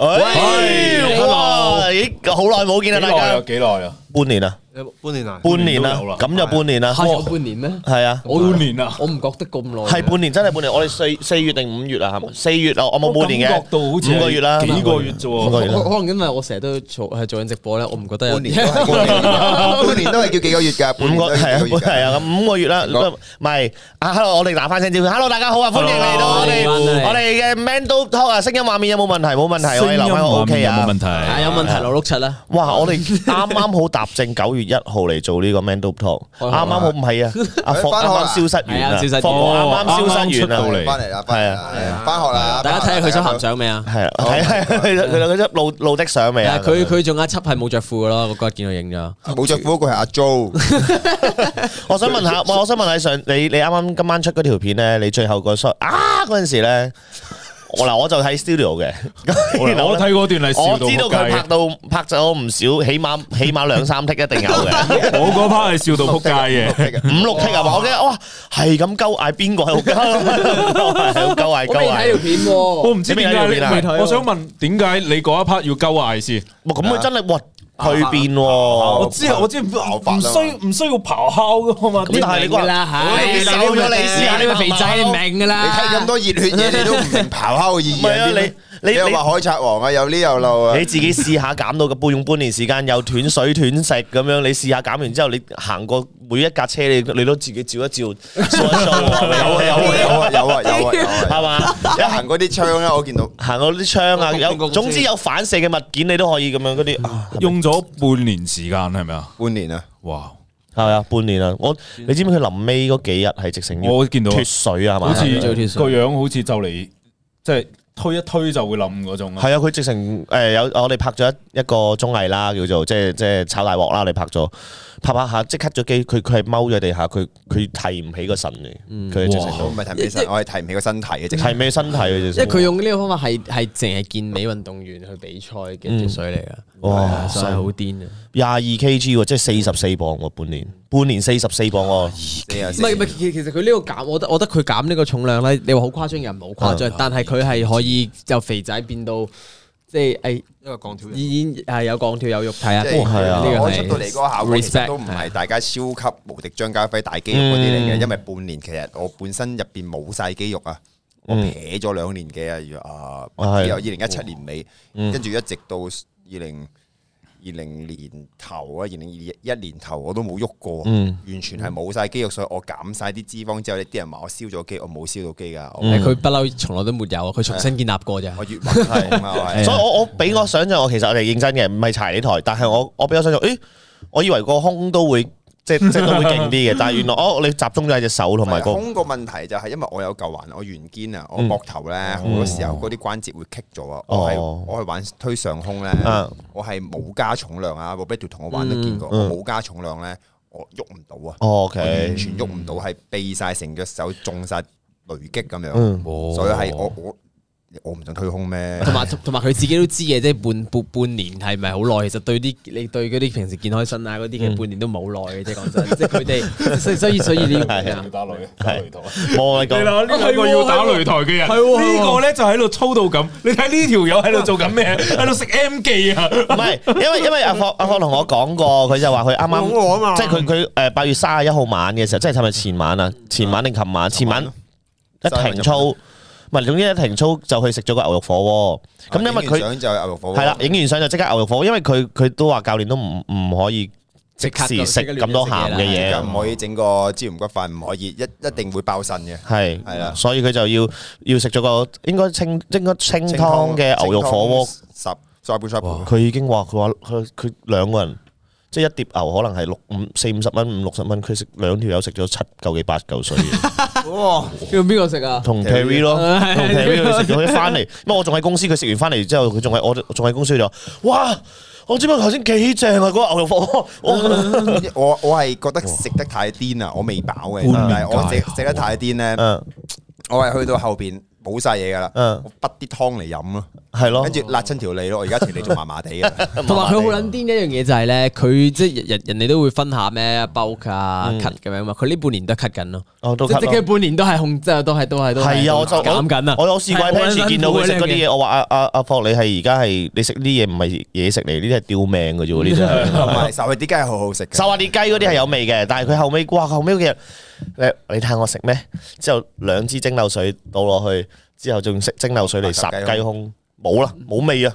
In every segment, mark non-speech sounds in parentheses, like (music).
喂哇！好耐冇見啦，大家有幾耐啊？半年啊！半年啊，半年啦，咁就半年啦。嚇有半年咩？係啊，我半年啊，我唔覺得咁耐。係半年，真係半年。我哋四四月定五月啊？係咪？四月啊，我冇半年嘅。五個月啦，幾個月啫喎？可能因為我成日都做係做緊直播咧，我唔覺得。半年，半年都係叫幾個月㗎？五個係啊，係啊，咁五個月啦。唔係啊，Hello，我哋打翻聲招呼。Hello，大家好啊，歡迎嚟到我哋我哋嘅 Mando Talk 啊，聲音畫面有冇問題？冇問題，我哋留翻 OK 啊，冇問題。係有問題六六七啦。哇，我哋啱啱好答正九月。一號嚟做呢個 Mando Talk，啱啱好唔係啊，阿方啱啱消失完啦，方啱啱消失完啦，出到嚟翻嚟啦，係啊，返學啦，大家睇下佢想行相未啊？係啊，佢佢佢張露露的相未啊？佢佢仲有一輯係冇着褲嘅咯，嗰日見到影咗，冇着褲嗰個係阿 Joe。我想問下，我我想問阿順，你你啱啱今晚出嗰條片咧，你最後個 shot 啊嗰陣時咧？我嗱我就睇 studio 嘅，我睇嗰段係笑到扑街。我知道佢拍到拍咗唔少，起碼起碼兩三剔一定有嘅。我嗰 part 係笑到扑街嘅，五六剔啊嘛。我驚哇係咁鳩嗌邊個喺度鳩，喺度鳩嗌鳩嗌。我未睇條片，我唔知邊條片啊。我想問點解你嗰一 part 要鳩嗌先？咁佢真係哇！蛻變喎，我知我知，唔需唔需要咆哮噶嘛？係啦，你受咗麼你，你試下呢個肥仔明噶啦。你睇咁多熱血嘢，你都唔明咆哮嘅意義。唔係啊，你你又話海賊王啊，有呢又漏啊。你自己試下減到個半用半年時間，又斷水斷食咁樣，你試下減完之後，你行過每一架車，你你都自己照一照。有啊有啊有啊有啊有啊，係嘛、啊？你行嗰啲窗咧、啊，我見到行嗰啲窗啊，有 (laughs) 總之有反射嘅物件，你都可以咁樣嗰啲。用咗。嗰半年時間係咪啊？半年啊！哇，係啊，半年啊！我你知唔知佢臨尾嗰幾日係直情？我見到脫水啊係咪？好似就脫水個樣，好似就嚟即係。推一推就會冧嗰種，係啊！佢、啊、直情誒、欸、有我哋拍咗一一個綜藝啦，叫做即係即係炒大鑊啦。你拍咗拍拍下，即刻咗機，佢佢係踎咗地下，佢佢提唔起個腎嚟。佢、嗯、直情都唔係提唔起腎，啊、我係提唔起個身體嘅直。係咩身體嘅直？嗯、因為佢用呢個方法係係淨係健美運動員去比賽嘅潛水嚟噶、嗯，哇！真係好癲啊！廿二 K G，即係四十四磅、啊，我半年。半年四十四磅喎，唔係唔係，其其實佢呢個減，我覺得我覺得佢減呢個重量咧，你話好誇張又唔好誇張，但係佢係可以由肥仔變到即係誒，一個鋼條，已經係有鋼條有肉體啊，即係我出到嚟嗰個效果都唔係大家超級無敵張家輝大肌肉嗰啲嚟嘅，嗯、因為半年其實我本身入邊冇晒肌肉啊，嗯、我撇咗兩年幾啊，啊，只有二零一七年尾，哦嗯、跟住一直到二零。二零年頭啊，二零二一年頭我都冇喐過，嗯、完全係冇晒肌肉，所以我減晒啲脂肪之後，啲人話我燒咗肌，我冇燒到肌㗎。佢不嬲，嗯嗯、從來都沒有，佢重新建立過啫。所以我我俾我想象，我其實我哋認真嘅，唔係柴呢台，但係我我俾我想象，誒，我以為個胸都會。 (laughs) 即即係會勁啲嘅，但係原來哦，你集中咗喺隻手同埋胸個問題就係因為我有嚿環，我圓肩啊，我膊頭咧好多時候嗰啲關節會棘咗啊，我係我係玩推上胸咧，啊、我係冇加重量啊，我俾條同我玩都見過，冇、嗯嗯、加重量咧，我喐唔到啊，嗯、okay, 我完全喐唔到，係避晒成隻手，中晒雷擊咁樣，嗯嗯哦、所以係我我。我我唔想推胸咩？同埋同埋佢自己都知嘅，即係半半半年係咪好耐？其實對啲你對嗰啲平時健開身啊，嗰啲嘅半年都冇耐嘅，即係講真，即係佢哋，所以所以你要係要打擂台，擂台，冇你講，呢個要打擂台嘅人，係呢個咧就喺度操到咁。你睇呢條友喺度做緊咩？喺度食 M 記啊？唔係，因為因為阿霍阿霍同我講過，佢就話佢啱啱即係佢佢誒八月卅一號晚嘅時候，即係係咪前晚啊？前晚定琴晚？前晚一停操。唔係，總之一停操就去食咗個牛肉火鍋。咁因為佢就係牛肉火鍋。係啦，影完相就即刻牛肉火鍋。因為佢佢都話教練都唔唔可以即時食咁多鹹嘅嘢，唔可以整個椒鹽骨飯，唔可以一一定會爆腎嘅。係係啦，所以佢就要要食咗個應該清應該清湯嘅牛肉火鍋。十 sorry sorry，佢已經話佢話佢佢兩個人。即係一碟牛可能係六五四五十蚊，五六十蚊，佢食兩條友食咗七嚿幾八嚿水。哇！叫邊個食啊？同 Perry 咯，同 Perry 佢食咗，佢翻嚟，因為我仲喺公司，佢食完翻嚟之後，佢仲喺我仲喺公司咗。哇！我知唔知頭先幾正啊？嗰個牛肉火鍋， (laughs) 我我我係覺得食得太癲啊哇！我未飽嘅，但係我食食得太癲咧，我係去到後邊。 (laughs) (laughs) 冇晒嘢㗎啦，我潷啲湯嚟飲咯，係咯，跟住辣親條脷咯，我而家條脷仲麻麻地嘅。同埋佢好撚癲一樣嘢就係咧，佢即係人人哋都會分下咩包啊、咳咁樣嘛，佢呢半年都咳緊咯，即係佢半年都係控制，都係都係都係減緊啊！我有試過，一次時見到佢食嗰啲嘢，我話阿阿阿霍你係而家係你食啲嘢唔係嘢食嚟，呢啲係吊命嘅啫喎，呢啲。唔係，沙華啲雞係好好食嘅，沙華啲雞嗰啲係有味嘅，但係佢後尾哇，後尾嘅。你你睇下我食咩？之後兩支蒸餾水倒落去，之後仲食蒸餾水嚟烚雞胸，冇啦，冇味啊，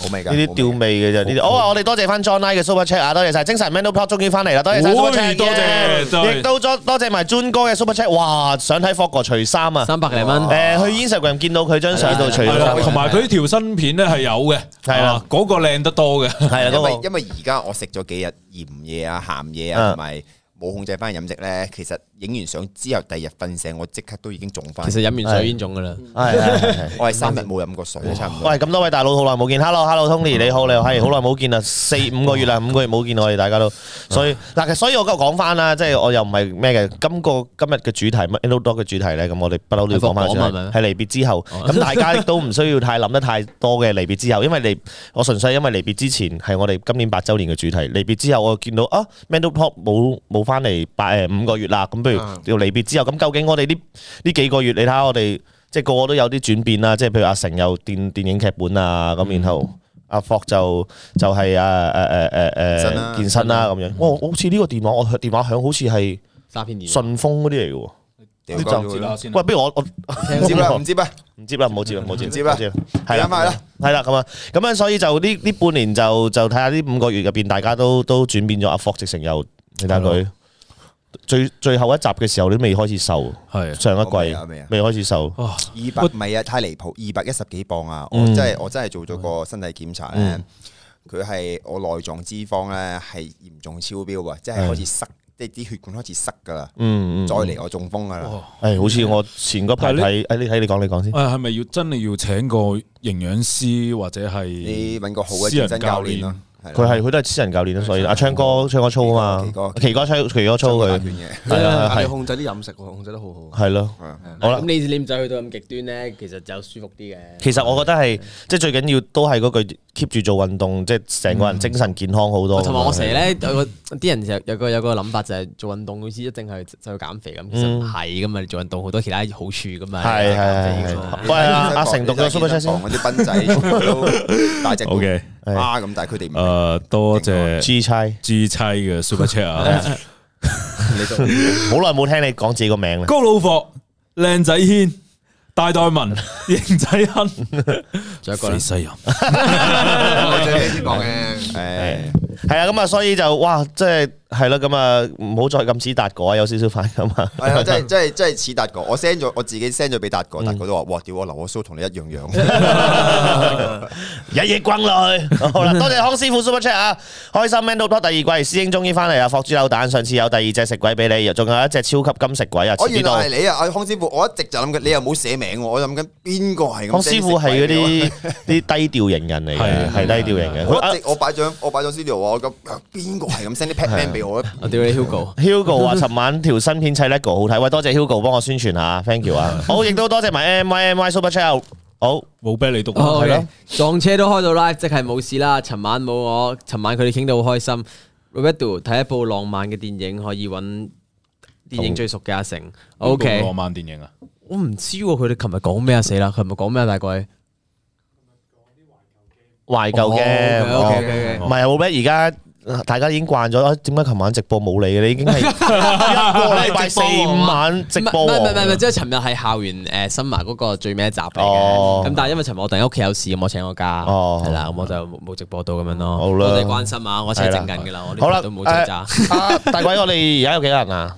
冇味噶，呢啲吊味嘅啫呢啲。好啊，我哋多謝翻 Johnnie 嘅 Super Chat 啊，多謝晒精神 Manu Pop，終於翻嚟啦，多謝 Super Chat，多謝，亦都多謝埋 Jun 哥嘅 Super Chat，哇，想睇霍哥除衫啊，三百零蚊。誒，去 Instagram 見到佢張相度除衫，同埋佢條新片咧係有嘅，係啦，嗰個靚得多嘅，係啊，因為因為而家我食咗幾日鹽嘢啊、鹹嘢啊，同埋。冇控制翻飲食咧，其實影完相之後第二日瞓醒，我即刻都已經腫翻。其實飲完水已經腫噶啦。係係係，我係三日冇飲過水，差唔多。喂，咁多位大佬好耐冇見，hello hello Tony 你好，你好，係好耐冇見啦，四五個月啦，五個月冇見我哋大家都，所以嗱，其實所以我今日講翻啦，即係我又唔係咩嘅，今個今日嘅主題乜？Mandopop 嘅主題咧，咁我哋不嬲都要講翻出嚟，係離別之後，咁大家亦都唔需要太諗得太多嘅離別之後，因為離我純粹因為離別之前係我哋今年八週年嘅主題，離別之後我見到啊，Mandopop 冇冇翻翻嚟八誒五個月啦，咁不如要離別之後，咁究竟我哋啲呢幾個月，你睇下我哋即係個個都有啲轉變啦，即係譬如阿成又電電影劇本啊，咁然後阿霍就就係誒誒誒誒誒健身啦咁樣，哇，好似呢個電話我電話響，好似係詐騙順豐嗰啲嚟嘅喎，喂，不如我我唔接啦，唔接咩？唔接啦，唔好接啦，唔好接，唔接啦，係啦，係啦，係啦，咁啊，咁樣，所以就呢呢半年就就睇下呢五個月入邊，大家都都轉變咗，阿霍直成又睇下佢最最後一集嘅時候，你都未開始瘦，係上一季未開始瘦，二百唔係啊，太離譜，二百一十幾磅啊！我真係我真係做咗個身體檢查咧，佢係我內臟脂肪咧係嚴重超標啊，即係開始塞，即係啲血管開始塞噶啦，嗯，再嚟我中風噶啦！係，好似我前嗰排睇，誒，你睇你講你講先，係咪要真係要請個營養師或者係你揾個好嘅健身教練啊？佢係佢都係私人教練所以阿昌哥昌哥操啊嘛，奇哥奇哥唱奇哥操佢，係控制啲飲食，控制得好好。係咯，好啦。咁你你唔使去到咁極端咧，其實就舒服啲嘅。其實我覺得係即係最緊要都係嗰句 keep 住做運動，即係成個人精神健康好多。同埋我成日咧有個啲人有有個有個諗法就係做運動好似一定係就要減肥咁，其實係咁嘛，做運動好多其他好處噶嘛。係係係。阿成讀個 s u 出先，我啲斌仔大隻。O K。啊咁，但係佢哋誒，多謝 G 妻 G 妻嘅 Super Chat 啊！好耐冇聽你講自己個名啦。高老霍，靚仔軒，大代文，型仔亨，仲有一個肥西人。我最開始講嘅，誒，係啊，咁啊，所以就哇，即係。係啦，咁啊，唔好再咁似達哥啊，有少少快咁啊。係啊，真係真係真係似達哥，我 send 咗，我自己 send 咗俾達哥，達哥都話：哇，屌我留我須同你一樣樣，日夜滾嚟。好啦，多謝康師傅 Super Chat 啊，開心 mental block 第二季師兄終於翻嚟啊，霍豬柳蛋上次有第二隻食鬼俾你，又仲有一隻超級金食鬼啊，原來係你啊，阿康師傅，我一直就諗緊你又冇寫名，我諗緊邊個係咁？康師傅係嗰啲啲低調型人嚟嘅，係低調型嘅。我一直我擺咗我擺咗資料啊，我諗邊個係咁 send 啲 pack fan 俾？Hugo，Hugo 啊！Hugo 尋晚條新片《砌 Lego》好睇，喂，多謝 Hugo 幫我宣傳下，Thank you 啊！好，亦都多謝埋 M i M Y Super Chat，好，冇、oh, 咩你讀係、oh, okay. 了撞車都開到 live，即係冇事啦。尋晚冇我，尋晚佢哋傾到好開心。Roberto 睇一部浪漫嘅電影，可以揾電影最熟嘅阿成。跟 o Okay . K，浪漫電影啊？我唔知佢哋琴日講咩啊！死啦，琴日講咩啊？大概，懷舊嘅，唔係啊！冇咩而家。大家已經慣咗，點解琴晚直播冇你嘅？你已經係一個禮拜四五晚直播。即係尋日係校園誒，新麻嗰個最尾一集嚟嘅。咁但係因為尋日我突然間屋企有事，咁我請個假，係啦，咁我就冇直播到咁樣咯。好啦，我哋關心啊，我而家請緊噶啦，我好啦，都冇請假。阿大鬼，我哋而家有幾多人啊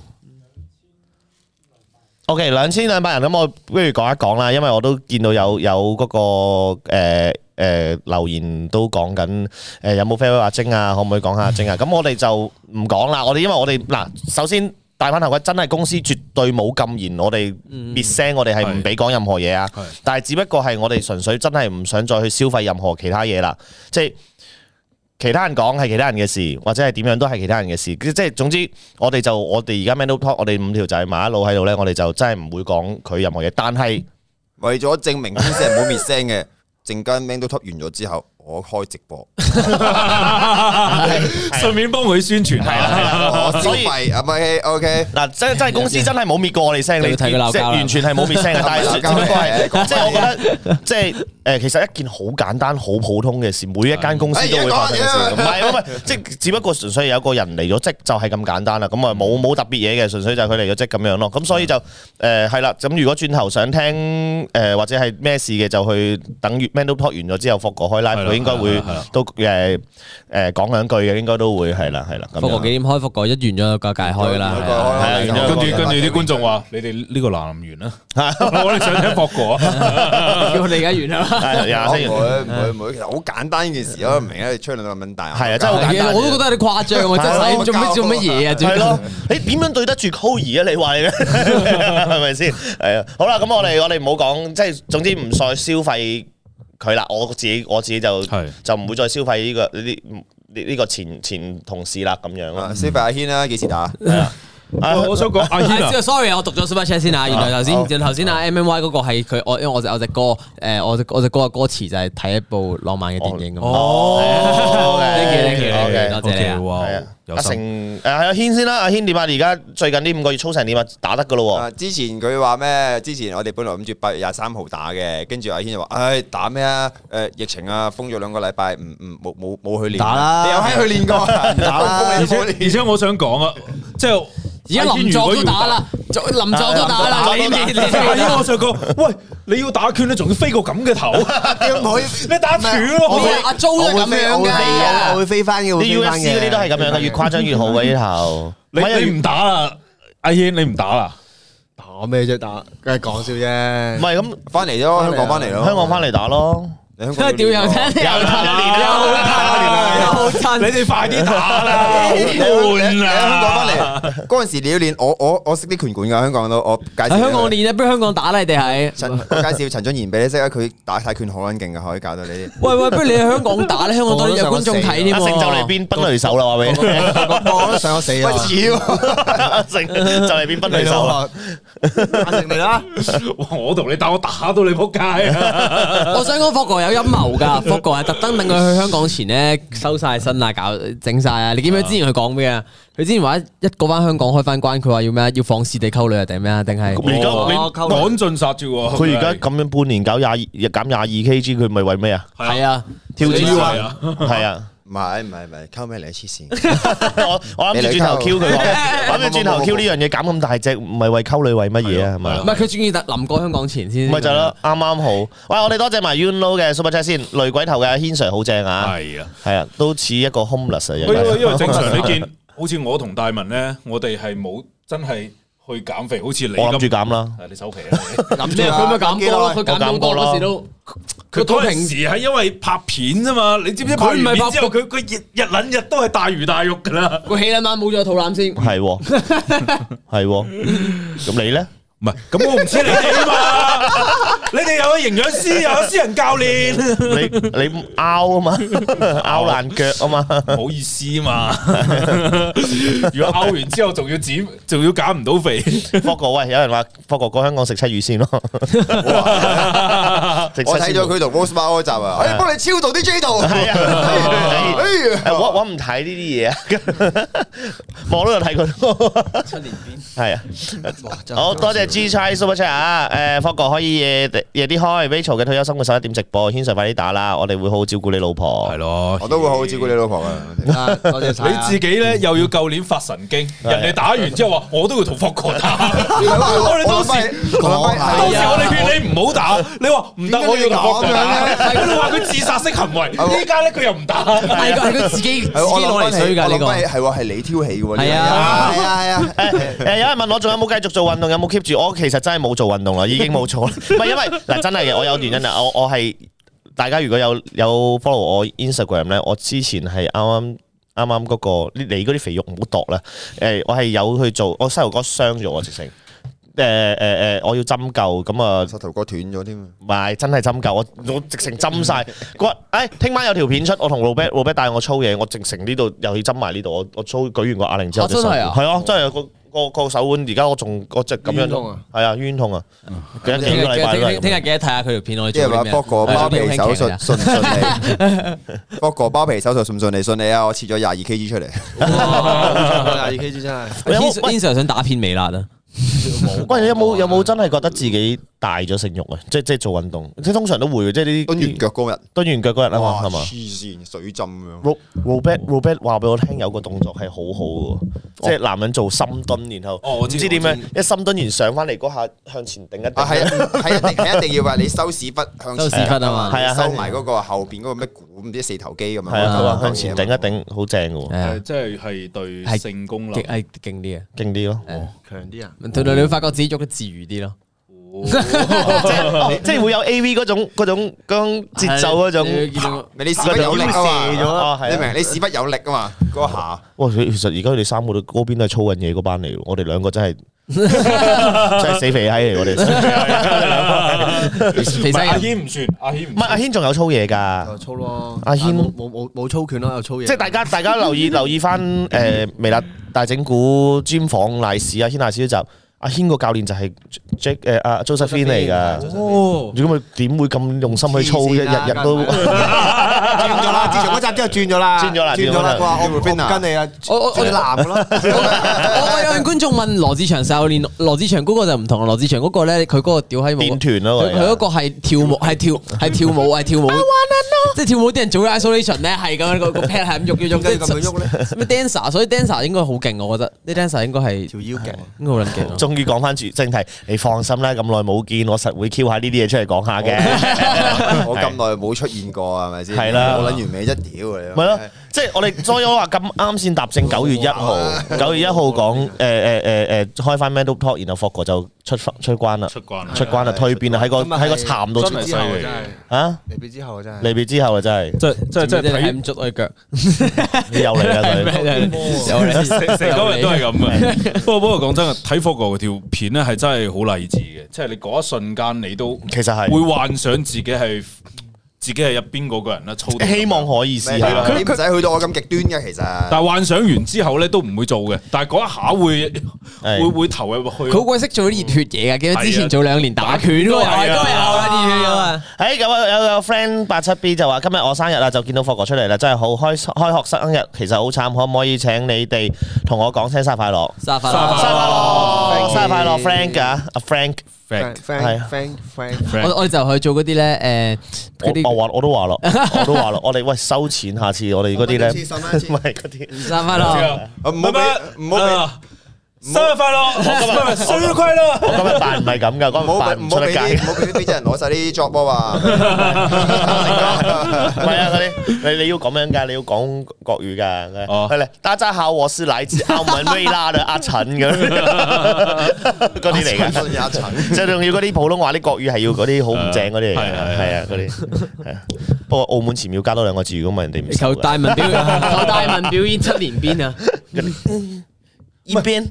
？OK，兩千兩百人。咁我不如講一講啦，因為我都見到有有嗰個誒。誒，留言都講緊，誒，有冇飛威阿晶啊？可唔可以講下晶啊？咁我哋就唔講啦。我哋因為我哋嗱，首先戴翻頭盔，真係公司絕對冇禁言，我哋滅聲，我哋係唔俾講任何嘢啊。但係只不過係我哋純粹真係唔想再去消費任何其他嘢啦。即係其他人講係其他人嘅事，或者係點樣都係其他人嘅事。即係總之，我哋就我哋而家 man up talk，我哋五條仔埋一路喺度咧，我哋就真係唔會講佢任何嘢。但係為咗證明先係冇滅聲嘅。陣間 man to top 完咗之後，我開直播 (laughs) (laughs) ，順便幫佢宣傳。係啦係啦，我知係。啊咪 OK，嗱真真係公司真係冇滅過我哋聲，你睇，即係完全係冇滅聲嘅， (laughs) 但係只不過係，即係我覺得，即係、 (laughs) 就是。誒其實一件好簡單、好普通嘅事，每一間公司都會發生嘅事，唔係唔係，即係只不過純粹有個人離咗職，就係咁簡單啦。咁啊冇冇特別嘢嘅，純粹就係佢離咗職咁樣咯。咁所以就誒係啦。咁如果轉頭想聽誒或者係咩事嘅，就去等月 end talk 完咗之後，福哥開 live，佢應該會都誒誒講兩句嘅，應該都會係啦係啦。福哥幾點開？福哥一完咗就界界開啦。係啊，跟住跟住啲觀眾話：你哋呢個難唔難完啊？我哋想聽福哥，要你而家完啦。係啊，其實好簡單呢件事咯，唔明你吹兩啖蚊大。係啊，真係好簡單。我都對覺得有啲誇張，做咩做乜嘢啊？係咯，你點樣對得住 c o i 啊？你話你，係咪先？係啊，好啦，咁我哋我哋唔好講，即係總之唔再消費佢啦。我自己我自己就就唔會再消費呢、這個呢呢呢個前前同事啦，咁樣啦。消費 (laughs) 阿軒啦、啊，幾時打？ (laughs) (laughs) 我想講，sorry，我讀咗 Super Chat 先啊。原來頭先，頭先啊，M M Y 嗰個係佢我，因為我就我隻歌，誒，我隻我隻歌嘅歌詞就係睇一部浪漫嘅電影咁。哦，thank you，thank you，多謝阿成誒，阿軒先啦。阿軒點啊？而家最近呢五個月操成點啊？打得噶咯。之前佢話咩？之前我哋本來諗住八月廿三號打嘅，跟住阿軒就話：，唉，打咩啊？誒，疫情啊，封咗兩個禮拜，冇冇冇去練。打啦，你又喺去練過。打，而且我想講啊，即係而家林作都打啦，林作都打啦。我就講，喂，你要打拳你仲要飛過咁嘅頭？點佢？你打拳咯。阿租都咁樣噶，係啊，會飛翻嘅。D S 嗰啲都係咁樣嘅。誇張越好嘅呢頭，你你唔打啦，阿軒你唔打啦，打咩啫？打，梗係講笑啫，唔係咁，返嚟咯，香港返嚟咯，香港返嚟的打咯。即係點樣聽你又訓練，又訓練，你哋快啲打啦，換啦。香港翻嚟嗰陣時你要練，我我我識啲拳館噶，香港都我介紹香港練啊，不如香港打你哋係。陳介紹陳俊賢俾你識啊，佢打泰拳好卵勁噶，可以搞到你啲。喂喂，不如你喺香港打咧，香港都有觀眾睇添。成就嚟變不離手啦，話俾你？我都想死，不似喎，成就嚟變不離手啦。阿成你啦，我同你打，我打到你仆街。我想講法國人。有陰謀㗎，福哥係特登等佢去香港前咧 (laughs) 收晒身啊，搞整晒啊！你記唔記得之前佢講咩啊？佢之前話一過翻香港開翻關，佢話要咩？要放肆地溝女定咩在、哦、啊？定係而家你趕盡殺絕？佢而家咁樣半年搞廿二，減廿二 Kg，佢咪為咩啊？係啊，跳級係啊，係 (laughs) 啊。唔係唔係唔係，溝咩你黐線！我我諗住轉頭 Q 佢，諗住轉頭 Q 呢樣嘢減咁大隻，唔係為溝女，為乜嘢啊？唔係佢中意搭林過香港前先，咪就咯，啱啱好。喂，我哋多謝埋 y u n o w 嘅 Super 車先看看，雷鬼頭嘅 Hanser 好正啊！係啊，係啊，都似一個 homeless。因為因為正常你見，好似我同大文咧，我哋係冇真係。去減肥好似你諗住減啦，你首期。啦！減住啊？佢咪減多咯，佢減得多咯，事都佢講，平時係因為拍片啫嘛，你知唔知拍片之後佢佢日、日日捻日都係大魚大肉噶啦，佢起捻捻冇咗肚腩先係 (laughs) 係，咁 (laughs) 你咧唔係，咁我唔知你點啊？ (laughs) 你哋有個營養師，有私人教練，你你拗啊嘛，拗爛腳啊嘛，唔好意思啊嘛。如果拗完之後，仲要剪，仲要減唔到肥。福哥喂，有人話，福哥去香港食七魚先咯。我睇咗佢同 Rosemar 開集啊，我要幫你超度啲 J 度。哎呀，我我唔睇呢啲嘢啊，我都有睇佢七年邊。係啊，好多謝 g c h a Super Chat 啊，誒福哥可以夜啲開，Rachel 嘅退休生活十一點直播，Hans 快啲打啦，我哋會好好照顧你老婆，係咯，我都會好好照顧你老婆啊。多謝晒。你自己咧又要舊年發神經，人哋打完之後話我都要同霍哥打，我哋當時當時我哋勸你唔好打，你話唔得我要咁樣咧，你話佢自殺式行為，依家咧佢又唔打，係佢自己自己攞嚟衰噶呢個，係係你挑起嘅，係啊係啊係啊。誒誒，有人問我仲有冇繼續做運動，有冇 keep 住？我其實真係冇做運動啦，已經冇做啦，唔係因為。嗱，真係嘅，我有原因啊！我我係大家如果有有 follow 我 Instagram 咧，我之前係啱啱啱啱嗰個你你嗰啲肥肉唔好度啦！誒，我係有去做，我膝頭哥傷咗我直情，誒誒誒，我要針灸咁啊，膝頭哥斷咗添。唔係，真係針灸，我我直情針晒骨。誒，聽晚有條片出，我同路貝路貝帶我操嘢，我直情呢度又要針埋呢度，我我操舉完個啞鈴之後就真係啊，係啊，真係。個個手腕，而家我仲我即係咁樣痛啊，係啊，冤痛啊！聽日記得睇下佢條片，我啲即係話割個包皮手術，信唔信？你？割個包皮手術信唔信？你信你啊！我切咗廿二 kg 出嚟，廿二 kg 真係。經常想打片美辣啦！喂，有冇有冇真係覺得自己？大咗性慾啊！即即做運動，即通常都會嘅，即啲蹲完腳嗰日，蹲完腳嗰日啊嘛，係嘛？痴線水浸咁樣。Robert，Robert 話俾我聽，有個動作係好好嘅，即男人做深蹲，然後唔知點樣一深蹲完上翻嚟嗰下向前頂一。啊係啊係啊！係一定要話你收屎忽，收屎忽啊嘛！係啊，收埋嗰個後邊嗰個咩股咁啲四頭肌咁啊，向前頂一頂，好正嘅喎。誒，即係係對性功能係勁啲嘅，勁啲咯，強啲啊！同埋你會發覺自己做得自如啲咯。即係即會有 A V 嗰種嗰種嗰種節奏嗰種，你屎忽有力啊嘛？你明？你屎忽有力啊嘛？嗰下哇！其實而家佢哋三個都嗰邊都係操緊嘢、嗰班嚟，我哋兩個真係真係死肥閪嚟，我哋其係阿謙唔算，阿謙唔係阿謙仲有操嘢噶，操咯。阿謙冇冇冇操拳咯，有操嘢。即係大家大家留意留意翻誒，未啦？大整股專訪賴史阿謙賴史嗰集。阿軒個教練就係 Jack 誒阿 Josephine 嚟㗎，如果佢點會咁用心去操，一日日都轉咗啦，之前嗰集之後轉咗啦，轉咗啦，轉咗啦，佢話我我跟你啊，我我男㗎咯，我有位觀眾問羅志祥教練，羅志祥嗰個就唔同啦，羅志祥嗰個咧佢嗰個屌喺舞團咯佢，佢嗰個係跳舞係跳係跳舞係跳舞，即係跳舞啲人做 Isolation 咧係咁樣個 pair 係咁喐喐喐咁樣喐咧，咩 Dancer，所以 Dancer 應該好勁，我覺得呢 Dancer 應該係條腰勁，應該好撚勁咯。要講翻住，正題，你放心啦，咁耐冇見，我實會 Q 下呢啲嘢出嚟講下嘅。我咁耐冇出現過啊，係咪先？係啦的，我諗完美一屌喎。你的即係我哋，再以我話咁啱先答，正九月一號，九月一號講誒誒誒誒開翻 Metal Talk，然後 Forge 就出出關啦，出關啦，出關啦，蛻變啦，喺個喺個慘到出嚟曬，啊！離別之後真係，離別之後啊真係，即真真真睇唔足我嘅腳，又嚟啦，又嚟，成成都係咁嘅。不過不過講真啊，睇 Forge 條片咧係真係好勵志嘅，即係你嗰一瞬間你都其實係會幻想自己係。自己係入邊嗰個人啦，希望可以試下。佢唔使去到我咁極端嘅其實。但係幻想完之後咧，都唔會做嘅。但係嗰一下會會會投入去。佢好鬼識做啲熱血嘢嘅，記得之前早兩年打拳咯，都係都有啦，熱血咁啊！誒，有啊有個 friend 八七 B 就話今日我生日啊，就見到霍哥出嚟啦，真係好開開學生日，其實好慘，可唔可以請你哋同我講聲生日快樂？生日快樂，生日快樂，Frank 啊，Frank。friend，係啊，friend，friend，friend，我我就去做嗰啲咧，誒，嗰啲，我話，我都話咯，我都話咯， (laughs) 我哋喂收錢，下次我哋嗰啲咧，唔係嗰啲，唔好俾，唔好俾。生日快樂！生日快樂！我今日扮唔係咁噶，我今日扮出得唔好俾俾啲人攞曬啲 job 唔係啊，嗰啲你你要咁樣㗎，你要講國語㗎。係啦，大家好，我是來自澳門威拉的阿陳咁。嗰啲嚟嘅，阿陳。即係仲要嗰啲普通話啲國語係要嗰啲好唔正嗰啲嚟嘅，係啊嗰啲。不過澳門前面要加多兩個字，如果唔係人哋唔識。求大文表演，求大文表演七年邊啊？一邊。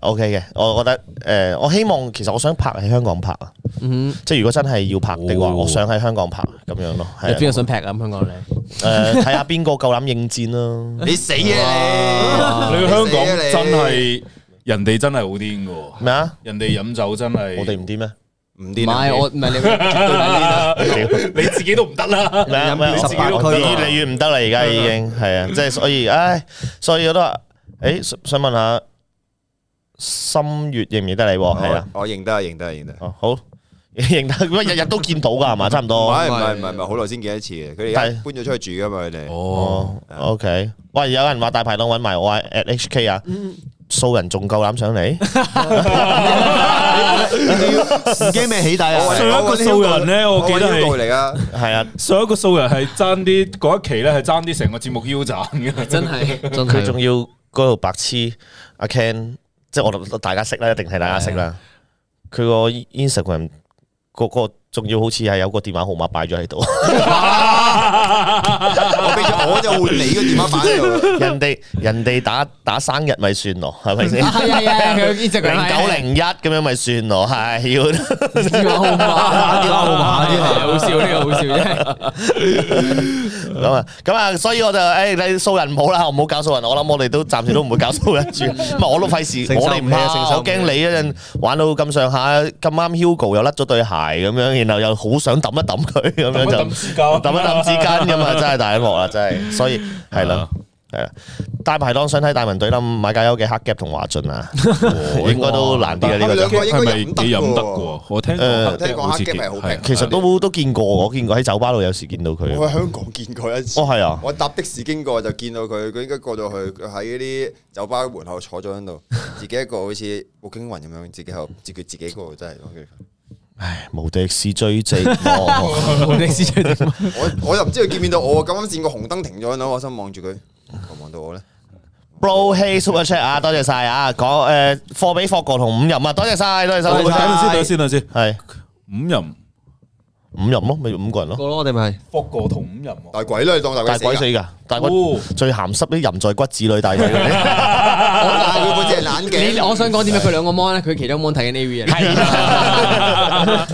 OK 嘅，我覺得誒，我希望其實我想拍喺香港拍啊，即係如果真係要拍的話，我想喺香港拍咁樣咯。你邊個想拍啊？香港你？誒，睇下邊個夠膽應戰咯！你死啊！你去香港真係人哋真係好癲㗎喎！咩啊？人哋飲酒真係我哋唔癲咩？唔癲？唔係我唔係你你自己都唔得啦！你飲咩？失敗區越嚟越唔得啦！而家已經係啊，即係所以，唉，所以我都話，誒，想問下。心月認唔認得你？係啊，我認得，認得，認得。哦，好，認得乜，日日都見到噶係嘛？差唔多。唔係唔係唔係唔係，好耐先見一次嘅。佢哋搬咗出去住噶嘛？佢哋。哦，OK。喂，有人話大排檔揾埋我喺 HK 啊？素人仲夠膽上嚟？自己咩起底啊？上一個素人咧，我記得佢嚟啊。係啊，上一個素人係爭啲嗰一期咧，係爭啲成個節目腰斬嘅，真係。真係。佢仲要嗰度白痴阿 Ken。即係我哋大家識啦，一定係大家識啦。佢個的 Instagram 的個個仲要好似係有個電話號碼擺咗喺度，我俾咗我就換你個電話號碼。人哋人哋打打生日咪算咯，係咪先？係啊係零九零一咁樣咪算咯，係要電話號碼 (laughs) 電話號碼真係好笑呢個好笑啫。咁啊，咁啊、嗯，所以我就，誒、欸，你素人唔好啦，我唔好搞素人，我諗我哋都暫時都唔會搞素人住，唔係 (laughs) 我都費事，我哋唔係成手驚你嗰陣，玩到咁上下，咁啱 Hugo 又甩咗對鞋咁樣，然後又好想抌一抌佢，咁、 (laughs) 嗯、 (laughs) 樣就抌一抌之間，咁啊，真係大樂啦，真係，所以係啦。係啦，大排檔想睇大文隊啦，買加油嘅黑夾同華俊啊，應該都難啲啊。呢個，兩個係咪幾有得嘅？我聽，我聽你講黑夾係好平，其實都都見過，我見過喺酒吧度，有時見到佢。我喺香港見過一次。哦，係啊，我搭的士經過就見到佢，佢應該過咗去，佢喺嗰啲酒吧門口坐咗喺度，自己一個好似穆經云咁樣，自己又解決自己個真係。唉，無敵是追敵，無敵是追敵。我又唔知佢見唔到我，咁啱見個紅燈停咗，喺我心望住佢。望到我咧，Bro，Hey，Super Chat 啊，多謝晒啊，講誒，貨俾霍哥同五人啊，多謝晒，多謝晒，睇先睇先睇先，係五人，五人咯，咪五個人咯，我哋咪霍哥同五人。大鬼咧，當大鬼死噶，大鬼最咸濕啲人在骨子裏大鬼，我話佢本只眼鏡，我想講點解？佢兩個 mon 咧，佢其中 mon 睇緊 AV 啊。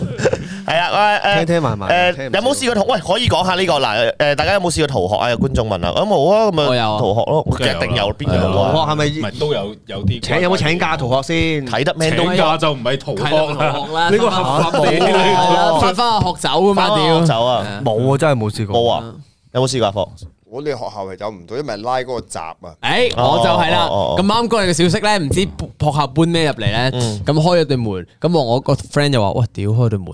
誒誒，聽聽埋埋，誒有冇試過同？喂，可以講下呢個嗱？誒，大家有冇試過逃學啊？有觀眾問啊，咁冇啊，咁咪有逃學咯，我一定有邊個啊？逃學係咪？唔係都有有啲，請有冇請假逃學先？請假就唔係逃學啦。呢個合法冇錯啦，想翻學走啊嘛？點走啊？冇，真係冇試過。冇啊？有冇試過課？我哋學校係走唔到，因為拉嗰個閘啊！哎，我就係啦。咁啱過嚟嘅小息咧，唔知學校搬咩入嚟咧？咁開咗對門，咁我個 friend 就話：哇，屌開對門！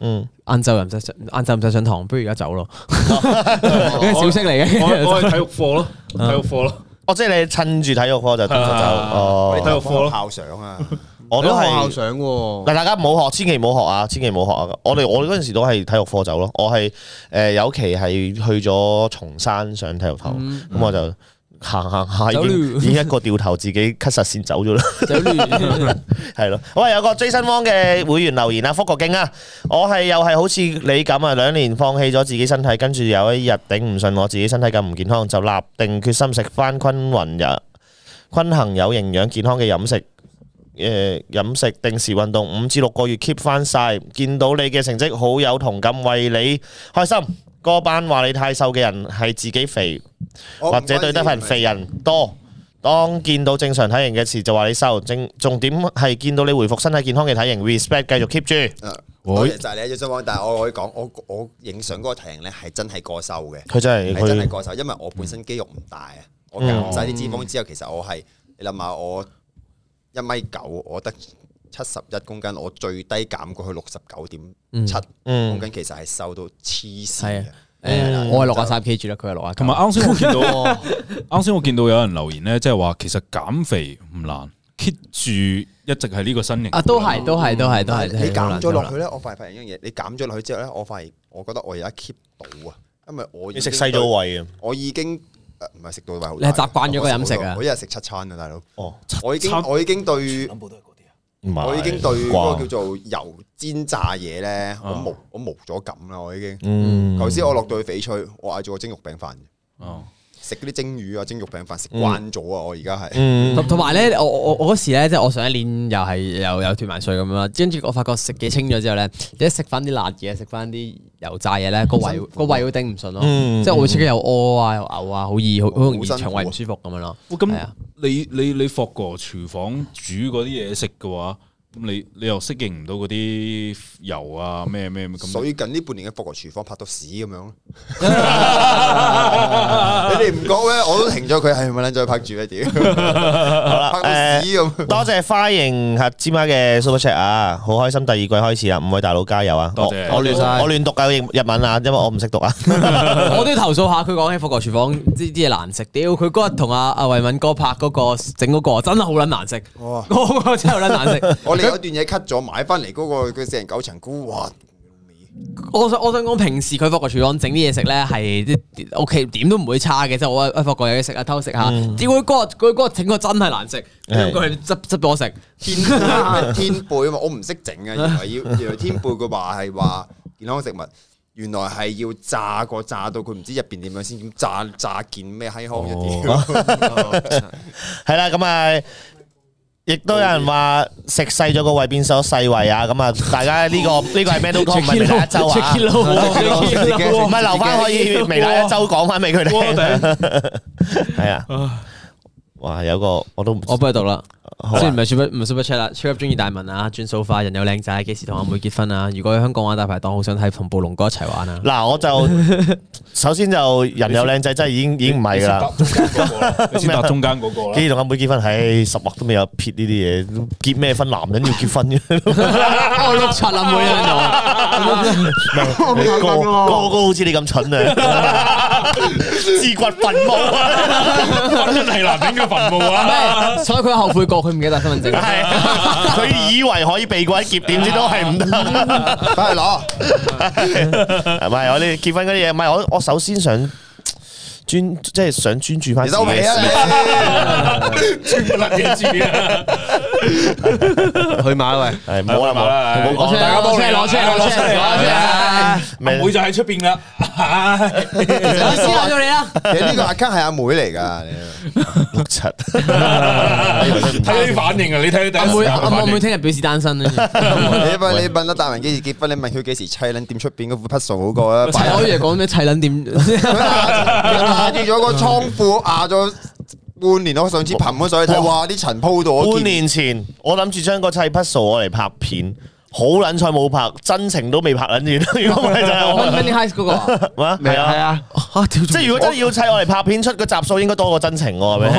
嗯，晏晝又唔使上，晏晝唔使上堂，不如而家走咯。小息嚟嘅，我去體育課咯，體育課咯。哦，即係你趁住體育課就就哦，體育課咯，靠牆啊。我都係，但係大家唔好學，千祈唔好學啊，千祈唔好學啊！我哋我嗰陣時都係體育課走咯，我係誒尤其係去咗松山上體育堂，咁、嗯、我就行行下，然了一個掉頭自己 cut 實線走咗啦，係咯了。喂， (laughs) (laughs) 有個追新汪嘅會員留言啊，福國敬啊，我係又係好似你咁啊，兩年放棄咗自己身體，跟住有一日頂唔順，我自己身體咁唔健康，就立定決心食翻均匀啊均衡、有營養健康嘅飲食。誒，飲食定時運動五至六個月 keep 翻晒，見到你嘅成績好有同感，為你開心。嗰班話你太瘦嘅人係自己肥，或者對得份肥人多。當見到正常體型嘅時，就話你瘦。正重點係見到你回復身體健康嘅體型，Respect 繼續 keep 住。我就係你要想講，但係我可以講，我我影相嗰個體型咧係真係過瘦嘅。佢真係佢真係過瘦，因為我本身肌肉唔大啊，我減晒啲脂肪之後，其實我係你諗下我，一米九，我得七十一公斤，我最低減過去六十九點七公斤，其實係瘦到黐線嘅。我係六呀三 K 住啦，佢係六呀。同埋啱先我見到，啱先我見到有人留言咧，即係話其實減肥唔難，keep 住一直係呢個身形。啊，都係，都係，都係，都係。你減咗落去咧，我發現發現一樣嘢，你減咗落去之後咧，我發現我覺得我而家 keep 到啊，因為我你食細咗胃啊。我已經。唔係食到胃好大，你習慣咗個飲食啊。我一日食七餐啊，大佬。哦，七七我已經我已經對，全部都係嗰啲啊。是我已經對嗰個叫做油煎炸嘢咧哇，我冇我無咗感啦。我已經。嗯。頭先我落到去翡翠，我嗌咗個蒸肉餅飯。哦。食嗰啲蒸魚啊，蒸肉餅飯食慣咗啊！我而家係，同埋咧，我我我嗰時咧，即係我上一年又係又有斷埋水咁樣啦。跟住我發覺食幾清咗之後咧，一食翻啲辣嘢，食翻啲油炸嘢咧，個胃個胃、這個、會頂唔順咯。嗯、即係我會自己又餓啊，又嘔啊，好易好好容易腸胃唔舒服咁樣咯。咁係啊，你你你霍過廚房煮嗰啲嘢食嘅話？咁你你又適應唔到嗰啲油啊咩咩咁？所以近呢半年嘅《福國廚房》拍到屎咁樣咯。你哋唔講咧，我都停咗佢係咪撚再拍住咧？屌，好啦，拍屎咁。 (laughs) 呃、 (laughs) 多謝花型黑芝麻嘅 super chat 啊，好開心，第二季開始啦，五位大佬加油啊！多謝我多亂曬，我亂讀噶日文啊，因為我唔識讀啊。 (laughs) 我都要投訴下佢講起《福國廚房》啲啲嘢難食，屌佢嗰日同阿阿維敏哥拍嗰、那個整嗰、那個真係好撚難食，嗰個真係撚難食。有一段嘢 cut 咗，買翻嚟嗰個佢四層九層菇，哇！我想我想講，平時佢福國廚房整啲嘢食咧，係啲屋企點都唔會差嘅。即係我一福國有嘢食啊，偷食下，只會嗰個嗰個整個真係難食。佢去執執咗食天天貝啊嘛，我唔識整啊。原來要原來天貝佢話係話健康食物，原來係要炸過炸到佢唔知入邊點樣先，炸炸件咩閪康一啲。係啦，咁啊。亦都有人話食細咗個胃變咗細胃啊！咁啊，大家呢個呢個係咩都講唔係未來一周啊，唔係留翻可以未來一周講翻俾佢哋聽，係 (laughs) (laughs) 啊。哇！有個我都唔，我不去讀啦。吧雖然唔係 super 唔 super chat 啦 super 中意大文啊，轉數快，人又靚仔，幾時同阿妹結婚啊？如果喺香港玩大排檔，好想睇同暴龍哥一齊玩啊！嗱，我就首先就人又靚仔，真係 (laughs) 已經已經唔係啦。你啦？你先答中間嗰個啦。幾時同阿妹結婚？唉、哎，十劃都未有撇呢啲嘢，結咩婚？男人要結婚嘅、啊 (laughs) (laughs) 啊，我碌柒阿妹喺度。個個、啊、好似你咁蠢啊！自掘墳墓啊，真係難頂嘅墳墓啊！所以佢後悔過，佢唔記得身份證。係，佢以為可以避鬼劫，點知都係唔得，返去攞。唔係 (laughs) 我哋結婚嗰啲嘢，唔係我我首先想。專即係想專注翻自己事啊！專注啦，專注啦，去馬喂，係冇啦冇啦，大家攞車攞車攞車攞車。唔會再喺出邊啦！老師攞咗你啦！其實呢個 account 係阿妹嚟噶，六七睇你反應啊！你睇你阿妹阿妹唔聽日表示單身啊！你問你問阿達文幾時結婚，你問佢幾時砌撚店出邊嗰副 puzzle 好過啊？我以為講咩砌撚店？入咗個倉庫壓咗半年，我上次拍咗上去睇，哇！啲塵鋪到半年前我諗住將個砌 puzzle 我嚟拍片。好捻彩冇拍真情都未拍捻住。如果唔係就係我 minnie high 嗰個啊？係啊，即係如果真係要砌我嚟拍片出個集數，應該多過真情喎。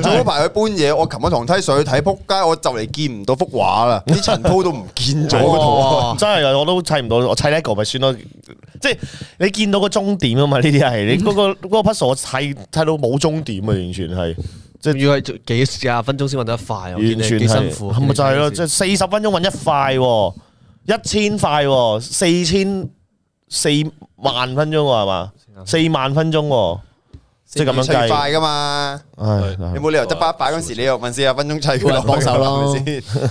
早排去搬嘢，我琴日堂梯上去睇撲街，我就嚟見唔到幅畫啦，啲塵濤都唔見咗，真係我都砌唔到，我砌一個咪算咯。即係你見到個終點啊嘛？呢啲係你嗰個嗰批傻我砌砌到冇終點啊，完全係。即係要幾廿分鐘先搵到一塊，完全辛苦。係咪就係咯？即四十分鐘搵一塊，一千塊，四千四萬分鐘係嘛？四萬分鐘即咁樣計噶嘛？係你冇理由得八百嗰時，你又搵四十分鐘砌，咁就幫手咯，係咪先？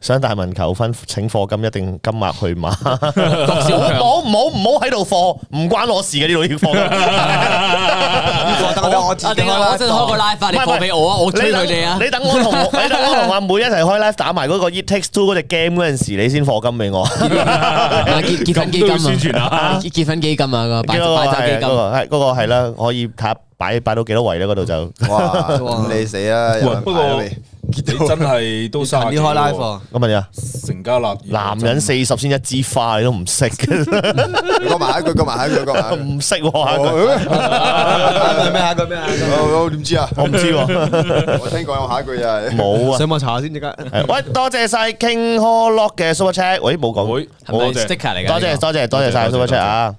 想大文求婚，請課金一定金額去馬，唔好唔好唔好喺度課，唔關我事嘅呢度要課。等緊我自我真、啊、開個 live 發嚟俾我啊！是我追佢哋啊你！你等我同你等我同阿妹一齊開 live 打埋嗰個 It Takes Two 嗰隻 game 嗰陣時，你先課金俾我 (laughs) 結結婚基金啊！結婚基金啊！嗰、啊那個百百基金，係嗰、啊那個係啦，可以吸。擺擺到幾多位咧？嗰度就哇，咁你死啦！不過你真係都生啲開 live。咁咪呀？成家立業男人四十先一枝花，你都唔識。講埋下一句，講埋下一句，唔識。咩啊？講咩啊？我點知啊？我唔知。我聽講有下一句又係冇啊！上網查下先即刻。喂，多謝晒 King Hallot 嘅 Super Chat。喂，冇講，冇 Sticker 嚟嘅。多謝多謝多謝晒 Super Chat 啊！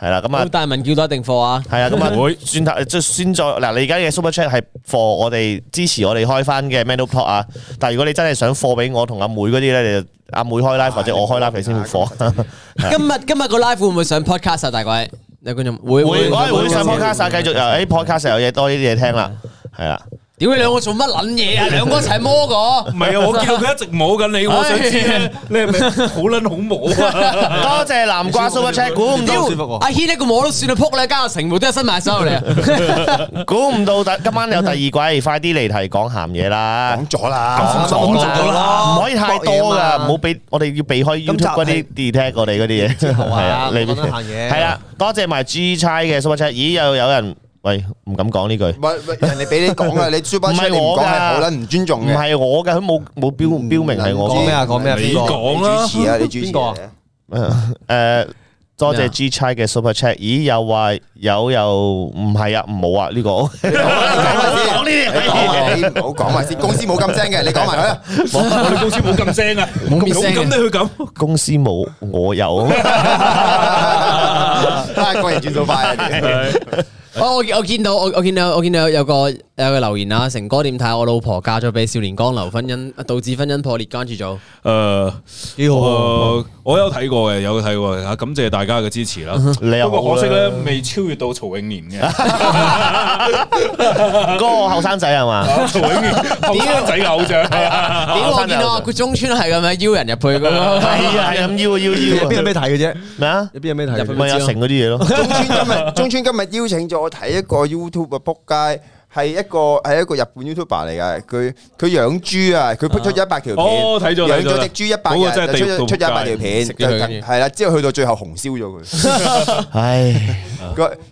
係啦，咁啊，大文叫多定貨啊？係啊，咁啊，阿妹轉頭即係先再嗱，你而家嘅 super check 係貨，我哋支持我哋開翻嘅 mental talk 啊。但係如果你真係上貨俾我同阿妹嗰啲咧，就阿妹開 live 或者我開 live 先會貨。今日今日個 live 會唔會上 podcast 啊？大鬼有觀眾會會會會上 podcast，繼續啊！誒，podcast 有嘢多呢啲嘢聽啦，係啊。屌你兩個做乜捻嘢啊！兩個一齊摸個？唔係啊，我見到佢一直摸緊你，我想知你係咪好捻好摸啊？多謝南瓜 Super Chat，估唔到舒服喎。阿軒一個摸都算啦，扑啦，加上成部都係伸埋手嚟啊！估唔到第今晚有第二季，快啲嚟提講鹹嘢啦！講咗啦，咁就講咗啦，唔可以太多噶，唔好俾我哋要避開 YouTube 嗰啲 detect 我哋嗰啲嘢。係啊，嚟講鹹嘢。係啊，多謝埋 G 猜嘅 Super Chat。咦，又有人。喂，唔敢講呢句。喂喂，人哋俾你講啊，你 Super，唔係我噶，好卵唔尊重嘅。唔係我噶，佢冇冇標標明係我。講咩啊？講咩啊？你講主持啊？你主持邊個？誒誒，多謝 G 差嘅 Super Chat。咦？又話又又唔係啊？冇啊？呢個講埋先，講呢啲，你唔好講埋先。公司冇咁聲嘅，你講埋佢啦。我哋公司冇咁聲啊，冇咁都去咁。公司冇，我有。真係個人轉數快啊！我我見到我我見到我見到有個有個留言啊，成哥點睇？我老婆嫁咗俾少年江流，婚姻導致婚姻破裂，關注組。誒，我我有睇過嘅，有睇過吓，感謝大家嘅支持啦。不過可惜咧，未超越到曹永年嘅。哥，後生仔係嘛？曹永年點樣仔偶像係啊？點我見啊？佢中村係咁樣邀人入去咁樣，係係咁邀邀邀，邊有咩睇嘅啫？咩啊？邊有咩睇？入去？咪阿成嗰啲嘢咯。中村今日中村今日邀請咗。睇一個 YouTube 嘅仆街，係一個係一個日本 YouTuber 嚟嘅，佢佢養豬啊，佢出咗一百條片，哦、養咗隻豬一百日，出咗一百條片，係啦，之後去到最後紅燒咗佢， (laughs) 唉。 (laughs)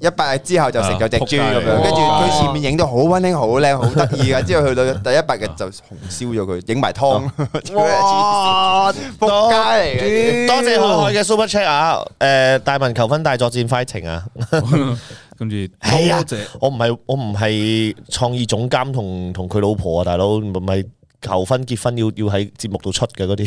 一百日之後就食咗隻豬咁樣，跟住佢前面影到好溫馨、好靚哇、好得意嘅，之 (laughs) 後去到第一百日就紅燒咗佢，影埋湯。哇！扑街嚟嘅，多謝海海嘅 Super Chat。誒，大文求婚大作戰 fighting 啊！跟住係啊，我唔係我唔係創意總監同同佢老婆啊，大佬唔係求婚結婚要要喺節目度出嘅嗰啲。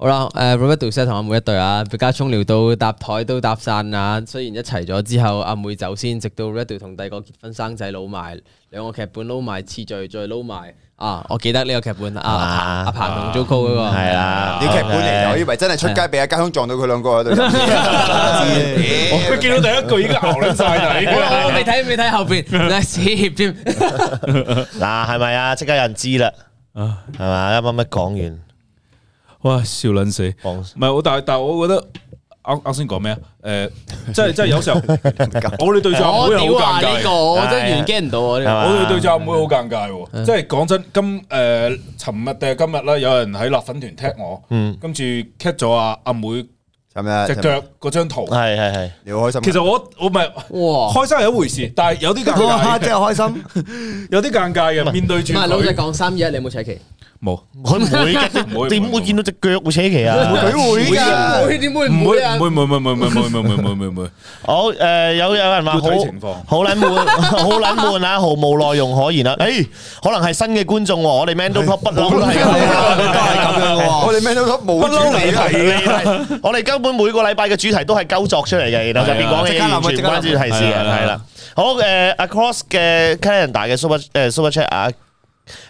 好啦，誒，Redo 生同阿妹一對啊，佢家聰聊到搭台都搭散啦。雖然一齊咗之後，阿妹走先，直到 Redo 同第二個結婚生仔撈埋兩個劇本撈埋次序再撈埋啊！我記得呢個劇本啊，阿彭同祖酷嗰個係啊，啲劇本嚟，我以為真係出街俾阿家聰撞到佢兩個喺度，佢見到第一句已經狂兩曬底。你睇未睇後邊？Let's 嗱係咪啊？即刻有人知啦，係嘛？啱啱乜講完。哇笑撚死，唔係我，但係但係我覺得啱啱先講咩啊？誒，即係即係有時候我哋對住阿妹好尷尬，我真完全 get 唔到我。我哋對住阿妹好尷尬，即係講真，今誒，尋日定係今日啦，有人喺辣粉團踢我，跟住 tag 咗阿阿妹，係咪隻腳嗰張圖係係係，你好開心。其實我我唔係哇，開心係一回事，但係有啲尷尬。吓即係開心，有啲尷尬嘅面對住。唔係老仔講，三億，你有冇踩旗？冇，佢每點會見到隻腳會扯旗啊？會會會點會唔會啊？唔會唔會唔會唔會唔會唔會唔會唔會唔會好誒！有有人話好好冷悶好冷悶啊，毫無內容可言啦。誒，可能係新嘅觀眾，我哋 mandopop 不嬲嚟嘅，係咁樣嘅。我哋 mandopop 不嬲嚟題，我哋根本每個禮拜嘅主題都係鳩作出嚟嘅。然後就變講嘢，全關住提示嘅係啦。好誒，Across 嘅 Calendar 嘅 Super 誒 Super Chat 啊！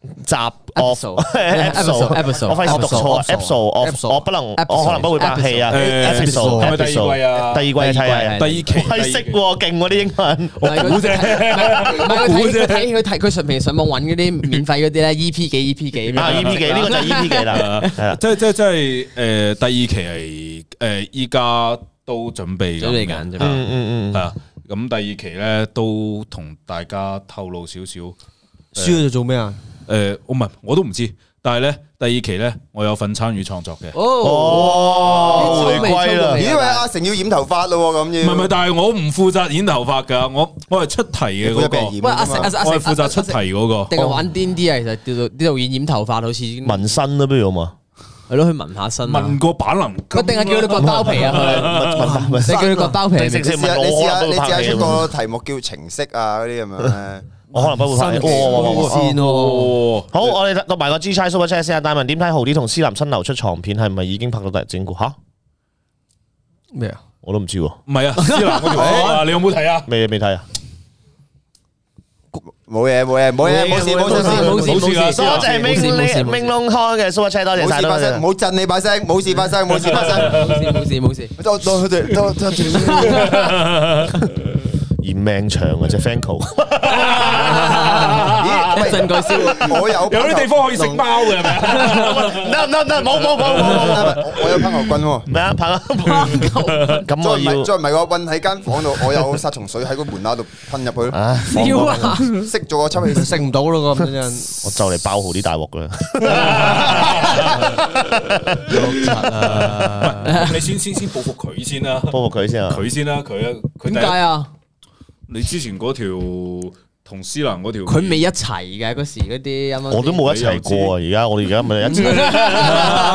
集 of episode，我費事讀錯 episode，我我不能，我可能不會拍戲啊，第二季啊，第二季係啊，第二期，係識喎，勁我啲英文，唔係古仔，唔係古仔，睇佢睇佢上平上網揾嗰啲免費嗰啲咧，EP 幾 EP 幾啊，EP 幾，呢個就 EP 幾啦，即係即係即係誒，第二期係誒，而家都準備準備緊啫嘛，嗯嗯嗯，係啊，咁第二期咧都同大家透露少少，輸咗做咩啊？誒，唔係，我都唔知，但係咧第二期咧，我有份參與創作嘅。哦，回歸啦，因為阿成要染頭髮咯，咁要。唔係唔係，但係我唔負責染頭髮噶，我我係出題嘅個。喂阿成阿成阿成，我係負責出題嗰個。定係玩癲啲啊？其實叫做呢度要染頭髮，好似。紋身啦，不如嘛？係咯，去紋下身。紋個板林。我定係叫你割包皮啊？唔你叫你割包皮。你試下，你試下，你試下出個題目叫程式啊嗰啲咁樣我可能不會拍。新鮮哦，好，我哋讀埋個 G Wife Super Chat 先啊，戴文點睇？豪啲同施南新流出床片係咪已經拍到第日整蠱吓？咩啊？我都唔知喎。唔係啊，你有冇睇啊？咩？未睇啊？冇嘢，冇嘢，冇嘢，冇事，冇事，冇事，冇事，多謝 Ming Long Kong 嘅 Super Chat，多謝晒。冇事冇震你把聲，冇事發生，冇事發生，冇事，冇事，多多佢哋多多謝。而命長啊，只 Fanco。信佢笑，我有有啲地方可以食包嘅，咩？嗱嗱嗱，冇冇冇冇，我有噴牛菌，咩啊？噴啊！咁我要再唔係再唔係嘅話，運喺間房度，我有殺蟲水喺個門罅度噴入去咯。要啊！熄咗個抽氣，熄唔到咯，我就嚟爆好啲大鑊啦！咁你先先先報復佢先啦，報復佢先啊，佢先啦，佢點解啊？你之前嗰條，同思林嗰條，佢未一齊嘅嗰時嗰啲，我都冇一齊過啊！而家我哋而家唔係一齊，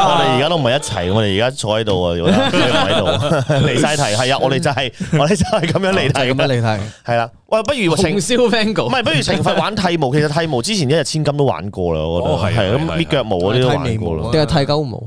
我哋而家都唔係一齊。我哋而家坐喺度啊，坐喺度離晒題。係啊，我哋就係我哋就係咁樣離題，咁樣離題。係啦，喂，不如情消 vango，唔係不如懲罰玩剃毛。其實剃毛之前一日千金都玩過啦，我覺得係啊，咁搣腳毛嗰啲都玩過啦，定係剃狗毛？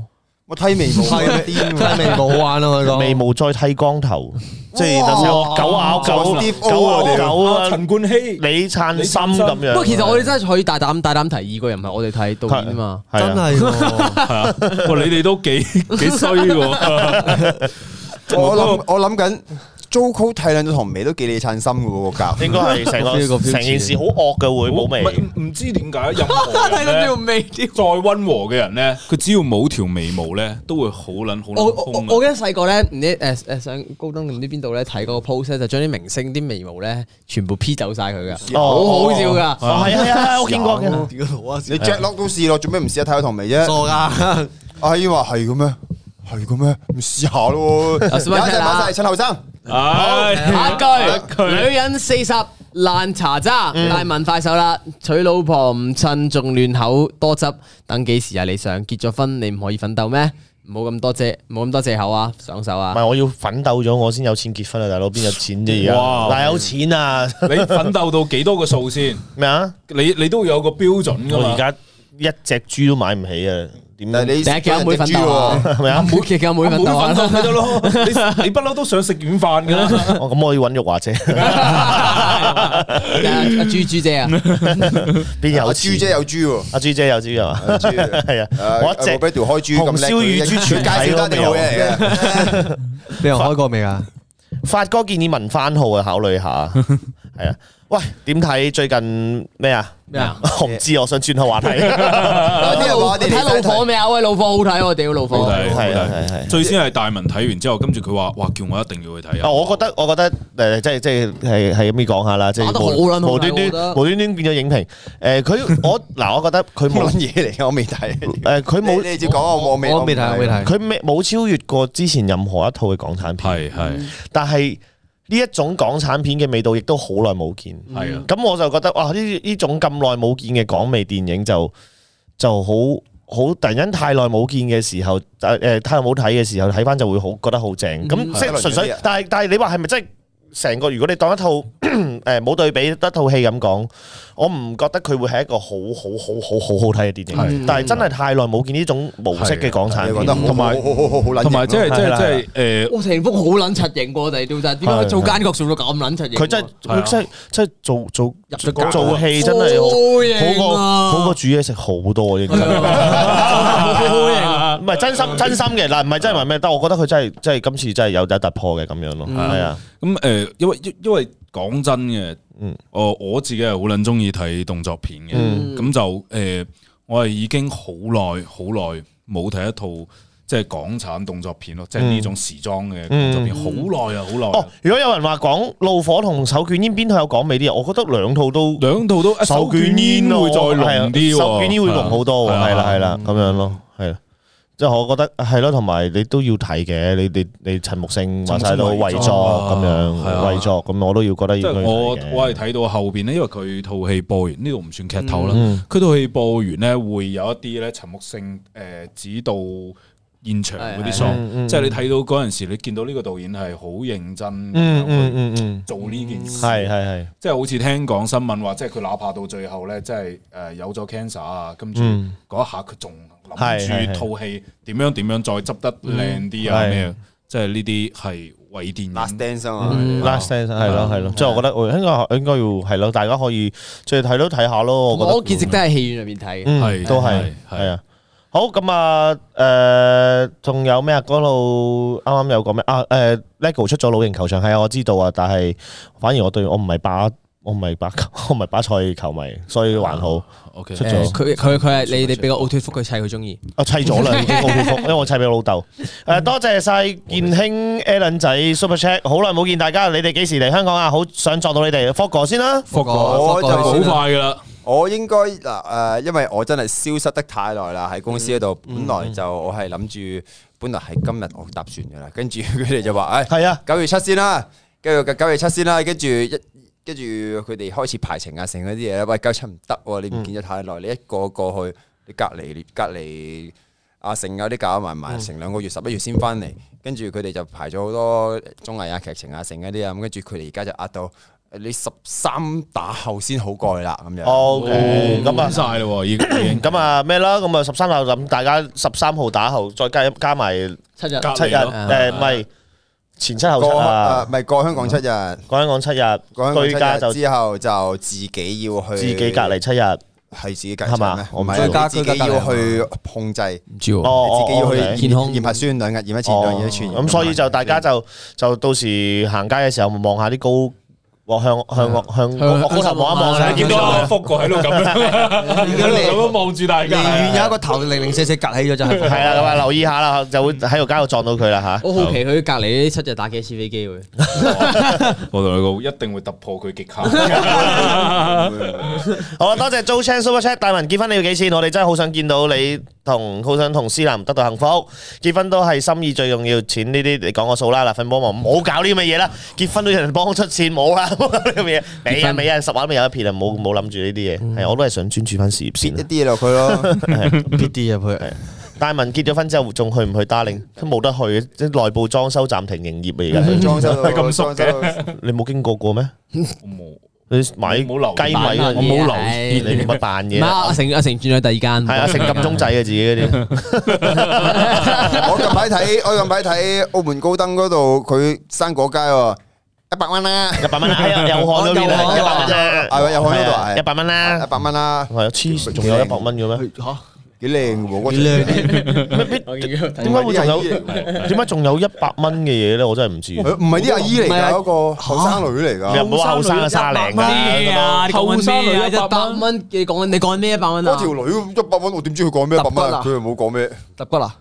我剃眉毛，剃眉毛好玩啊！我剃眉毛再剃光頭，即係等狗咬狗，啲狗啊狗啊！陳冠希，李燦森咁樣。不過其實我哋真係可以大膽大膽提議，個人唔係我哋睇導演啊嘛，真係。哇！你哋都幾幾衰喎。我諗我諗緊。糟糕，睇靚咗條眉都幾你撐心噶喎個價，應該係成件事好惡噶會冇眉，唔 (laughs) 知點解又睇到條眉再溫和嘅人咧，佢只要冇條眉毛咧，都會好捻好難我我記得細個咧，唔知誒誒上高中定唔知邊度咧睇個 pose 咧，就將啲明星啲眉毛咧全部 P 走晒佢噶，好、哦、好笑噶，係啊，啊， (laughs) 啊，我見過嘅。 (laughs) 你着落都試咯，做咩唔試下？睇下條眉啫？傻 (laughs) 噶、哎，阿姨話係咁咩？係咁咩？唔試下咯，大家打後生。哎、好下一句，一句女人四十爛茶渣，大問、嗯、快手啦，娶老婆唔趁仲亂口多汁，等幾時啊？你想結咗婚，你唔可以奮鬥咩？唔好咁多謝，冇咁多借口啊！上手啊！唔係我要奮鬥咗，我先有錢結婚啊！大佬邊有錢啫？而家嗱有錢啊！你奮鬥到幾多個數先？咩啊？你麼你都有個標準噶！我而家一隻豬都買唔起啊！點解你？每妹每份豬係咪啊？每隻嘅每份蛋揾到咪得咯？你不嬲都想食軟飯噶啦？哦，咁我要揾玉華姐，阿豬豬姐啊？邊有豬姐有豬？阿豬姐有豬係嘛？係啊，我一隻俾條開豬咁靚，燒乳豬全街少得你冇嘢嘅。你開過未啊？發哥建議文番號啊，考慮下。啊係啊，喂，點睇最近咩啊？咩啊？我唔知，我想轉下話題。你睇老火未啊？喂，老火好睇，我屌老火。係係係，最先係大文睇完之後，跟住佢話，哇，叫我一定要去睇啊！我覺得，我覺得誒，即係即係係係咁樣講下啦，即係冇端端，冇端端變咗影評。誒，佢我嗱，我覺得佢冇乜嘢嚟？我未睇。誒，佢冇你直接講啊，我未我未睇，我未睇。佢咩冇超越過之前任何一套嘅港產片。係係，但係。呢一種港產片嘅味道，亦都好耐冇見。係啊的，咁我就覺得哇！呢呢種咁耐冇見嘅港味電影就就好好突然間太耐冇見嘅時候，誒、呃、誒太耐冇睇嘅時候，睇翻就會好覺得好正。咁即係純粹，的但係但係你話係咪真係？成個如果你當一套誒冇對比得套戲咁講，我唔覺得佢會係一個好好好好好好睇嘅電影。但係真係太耐冇見呢種模式嘅港產，覺得同埋好，好，好，好，同埋即係即係即係誒，我成幅好撚柒型過我哋都但點解做奸角做到咁撚柒型？佢即係即係即係做做入咗做戲真係好過好過煮嘢食好多啊！應該。唔係真心真心嘅，嗱唔係真係話咩？但我覺得佢真係真係今次真係有有突破嘅咁樣咯，係啊。咁誒，因為因為講真嘅，我我自己係好撚中意睇動作片嘅，咁就誒，我係已經好耐好耐冇睇一套即係港產動作片咯，即係呢種時裝嘅動作片，好耐啊，好耐。哦，如果有人話講《怒火》同《手捲煙》邊套有港味啲？我覺得兩套都兩套都《手捲煙》會再濃啲，《手捲煙》會濃好多，係啦係啦咁樣咯，係。即係我覺得係咯，同埋你都要睇嘅。你你你陳木勝話曬都遺作咁樣，遺作咁，惑的我都要覺得要。即係我我係睇到後邊呢，因為佢套戲播完呢度唔算劇透啦。佢套戲播完呢，會有一啲咧，陳木勝誒、呃、指導現場嗰啲 scene 即係、嗯、你睇到嗰陣時，你見到呢個導演係好認真，嗯、做呢件事係係係。即係好似聽講新聞話，即係佢哪怕到最後咧，即係誒有咗 cancer 啊，跟住嗰一下佢仲……嗯諗住套戲點樣點樣再執得靚啲啊？咩？即係呢啲係偽電影。Last dance 係咯係咯，即係我覺得應該應該要係咯，大家可以即係睇都睇下咯。我我見籍都喺戲院入邊睇，嗯，都係係啊。好咁啊，誒，仲有咩啊？嗰度啱啱有講咩啊？誒，lego 出咗老型球場，係啊，我知道啊，但係反而我對我唔係把。我唔係白，我唔係巴塞球迷，所以還好。OK，佢佢佢係你哋俾個奧脫福，佢砌，佢中意。啊，砌咗啦，已經奧脫福，因為我砌俾老豆。誒，多謝晒建興 Alan 仔 Super Chat，好耐冇見大家，你哋幾時嚟香港啊？好想撞到你哋。復過先啦，復過，我就好快噶啦。我應該嗱誒，因為我真係消失得太耐啦，喺公司度本來就我係諗住，本來係今日我搭船噶啦，跟住佢哋就話，誒，係啊，九月七先啦，跟住九月七先啦，跟住一。跟住佢哋開始排程啊，成嗰啲嘢啦，喂，交差唔得，你唔見咗太耐，你一個過去，你隔離隔離，阿成啊啲搞埋埋，成兩個月十一月先翻嚟，跟住佢哋就排咗好多綜藝啊，劇情啊，成嗰啲啊，咁跟住佢哋而家就壓到你十三打後先好蓋啦，咁樣，OK，咁啊，滿曬咯，已經，咁啊咩啦，咁啊十三打咁，大家十三號打後再加加埋七日七日，誒唔係。前七後七啊，唔係過香港七日，過香港七日，居家之後就自己要去，自己隔離七日係自己隔，係嘛？我唔係居家自己要去控制，唔知喎，自己要去檢檢核酸兩日，檢一次兩日檢一次，咁所以就大家就就到時行街嘅時候望下啲高。我向向向向莫望一望，見到福哥喺度咁樣，喺度咁望住大家，有一個頭零零四四隔起咗就係，係啦咁啊，留意下啦，就會喺度街度撞到佢啦吓。我好奇佢隔籬呢七隻打幾次飛機會，我同你講，一定會突破佢極限。好，多謝 z o h a Super Chat，大文結婚你要幾錢？我哋真係好想見到你。同好想同思南得到幸福，結婚都係心意最重要，錢呢啲你講個數啦，嗱，份幫忙唔好搞呢啲咁嘅嘢啦，結婚都有人幫我出錢冇啦，咁嘅嘢，你啊你啊，十話都未有一撇啊，冇冇諗住呢啲嘢，係我都係想專注翻事業先，撇一啲落去咯，撇啲入去。戴文結咗婚之後仲去唔去 Darling？都冇得去嘅，即內部裝修暫停營業啊，而家裝修咁熟，你冇經過過咩？冇。你米冇留，雞米我冇留意，你哋乜扮嘢？唔係阿成阿成轉咗第二間，係啊成金鐘製嘅自己嗰啲。我近排睇，我近排睇澳門高登嗰度，佢生果街一百蚊啦，一百蚊，又又又又又又係，又去嗰度，一百蚊啦，一百蚊啦，係啊，黐線，仲有一百蚊嘅咩？幾靚喎！幾靚！點解會有？點解仲有一百蚊嘅嘢咧？我真係唔知。唔係啲阿姨嚟噶，嗰個後生女嚟噶。唔好話後生啊，卅零後生女一百蚊，你講你講咩一百蚊啊？嗰條女一百蚊，我點知佢講咩一百蚊？佢又冇講咩？揼骨啦！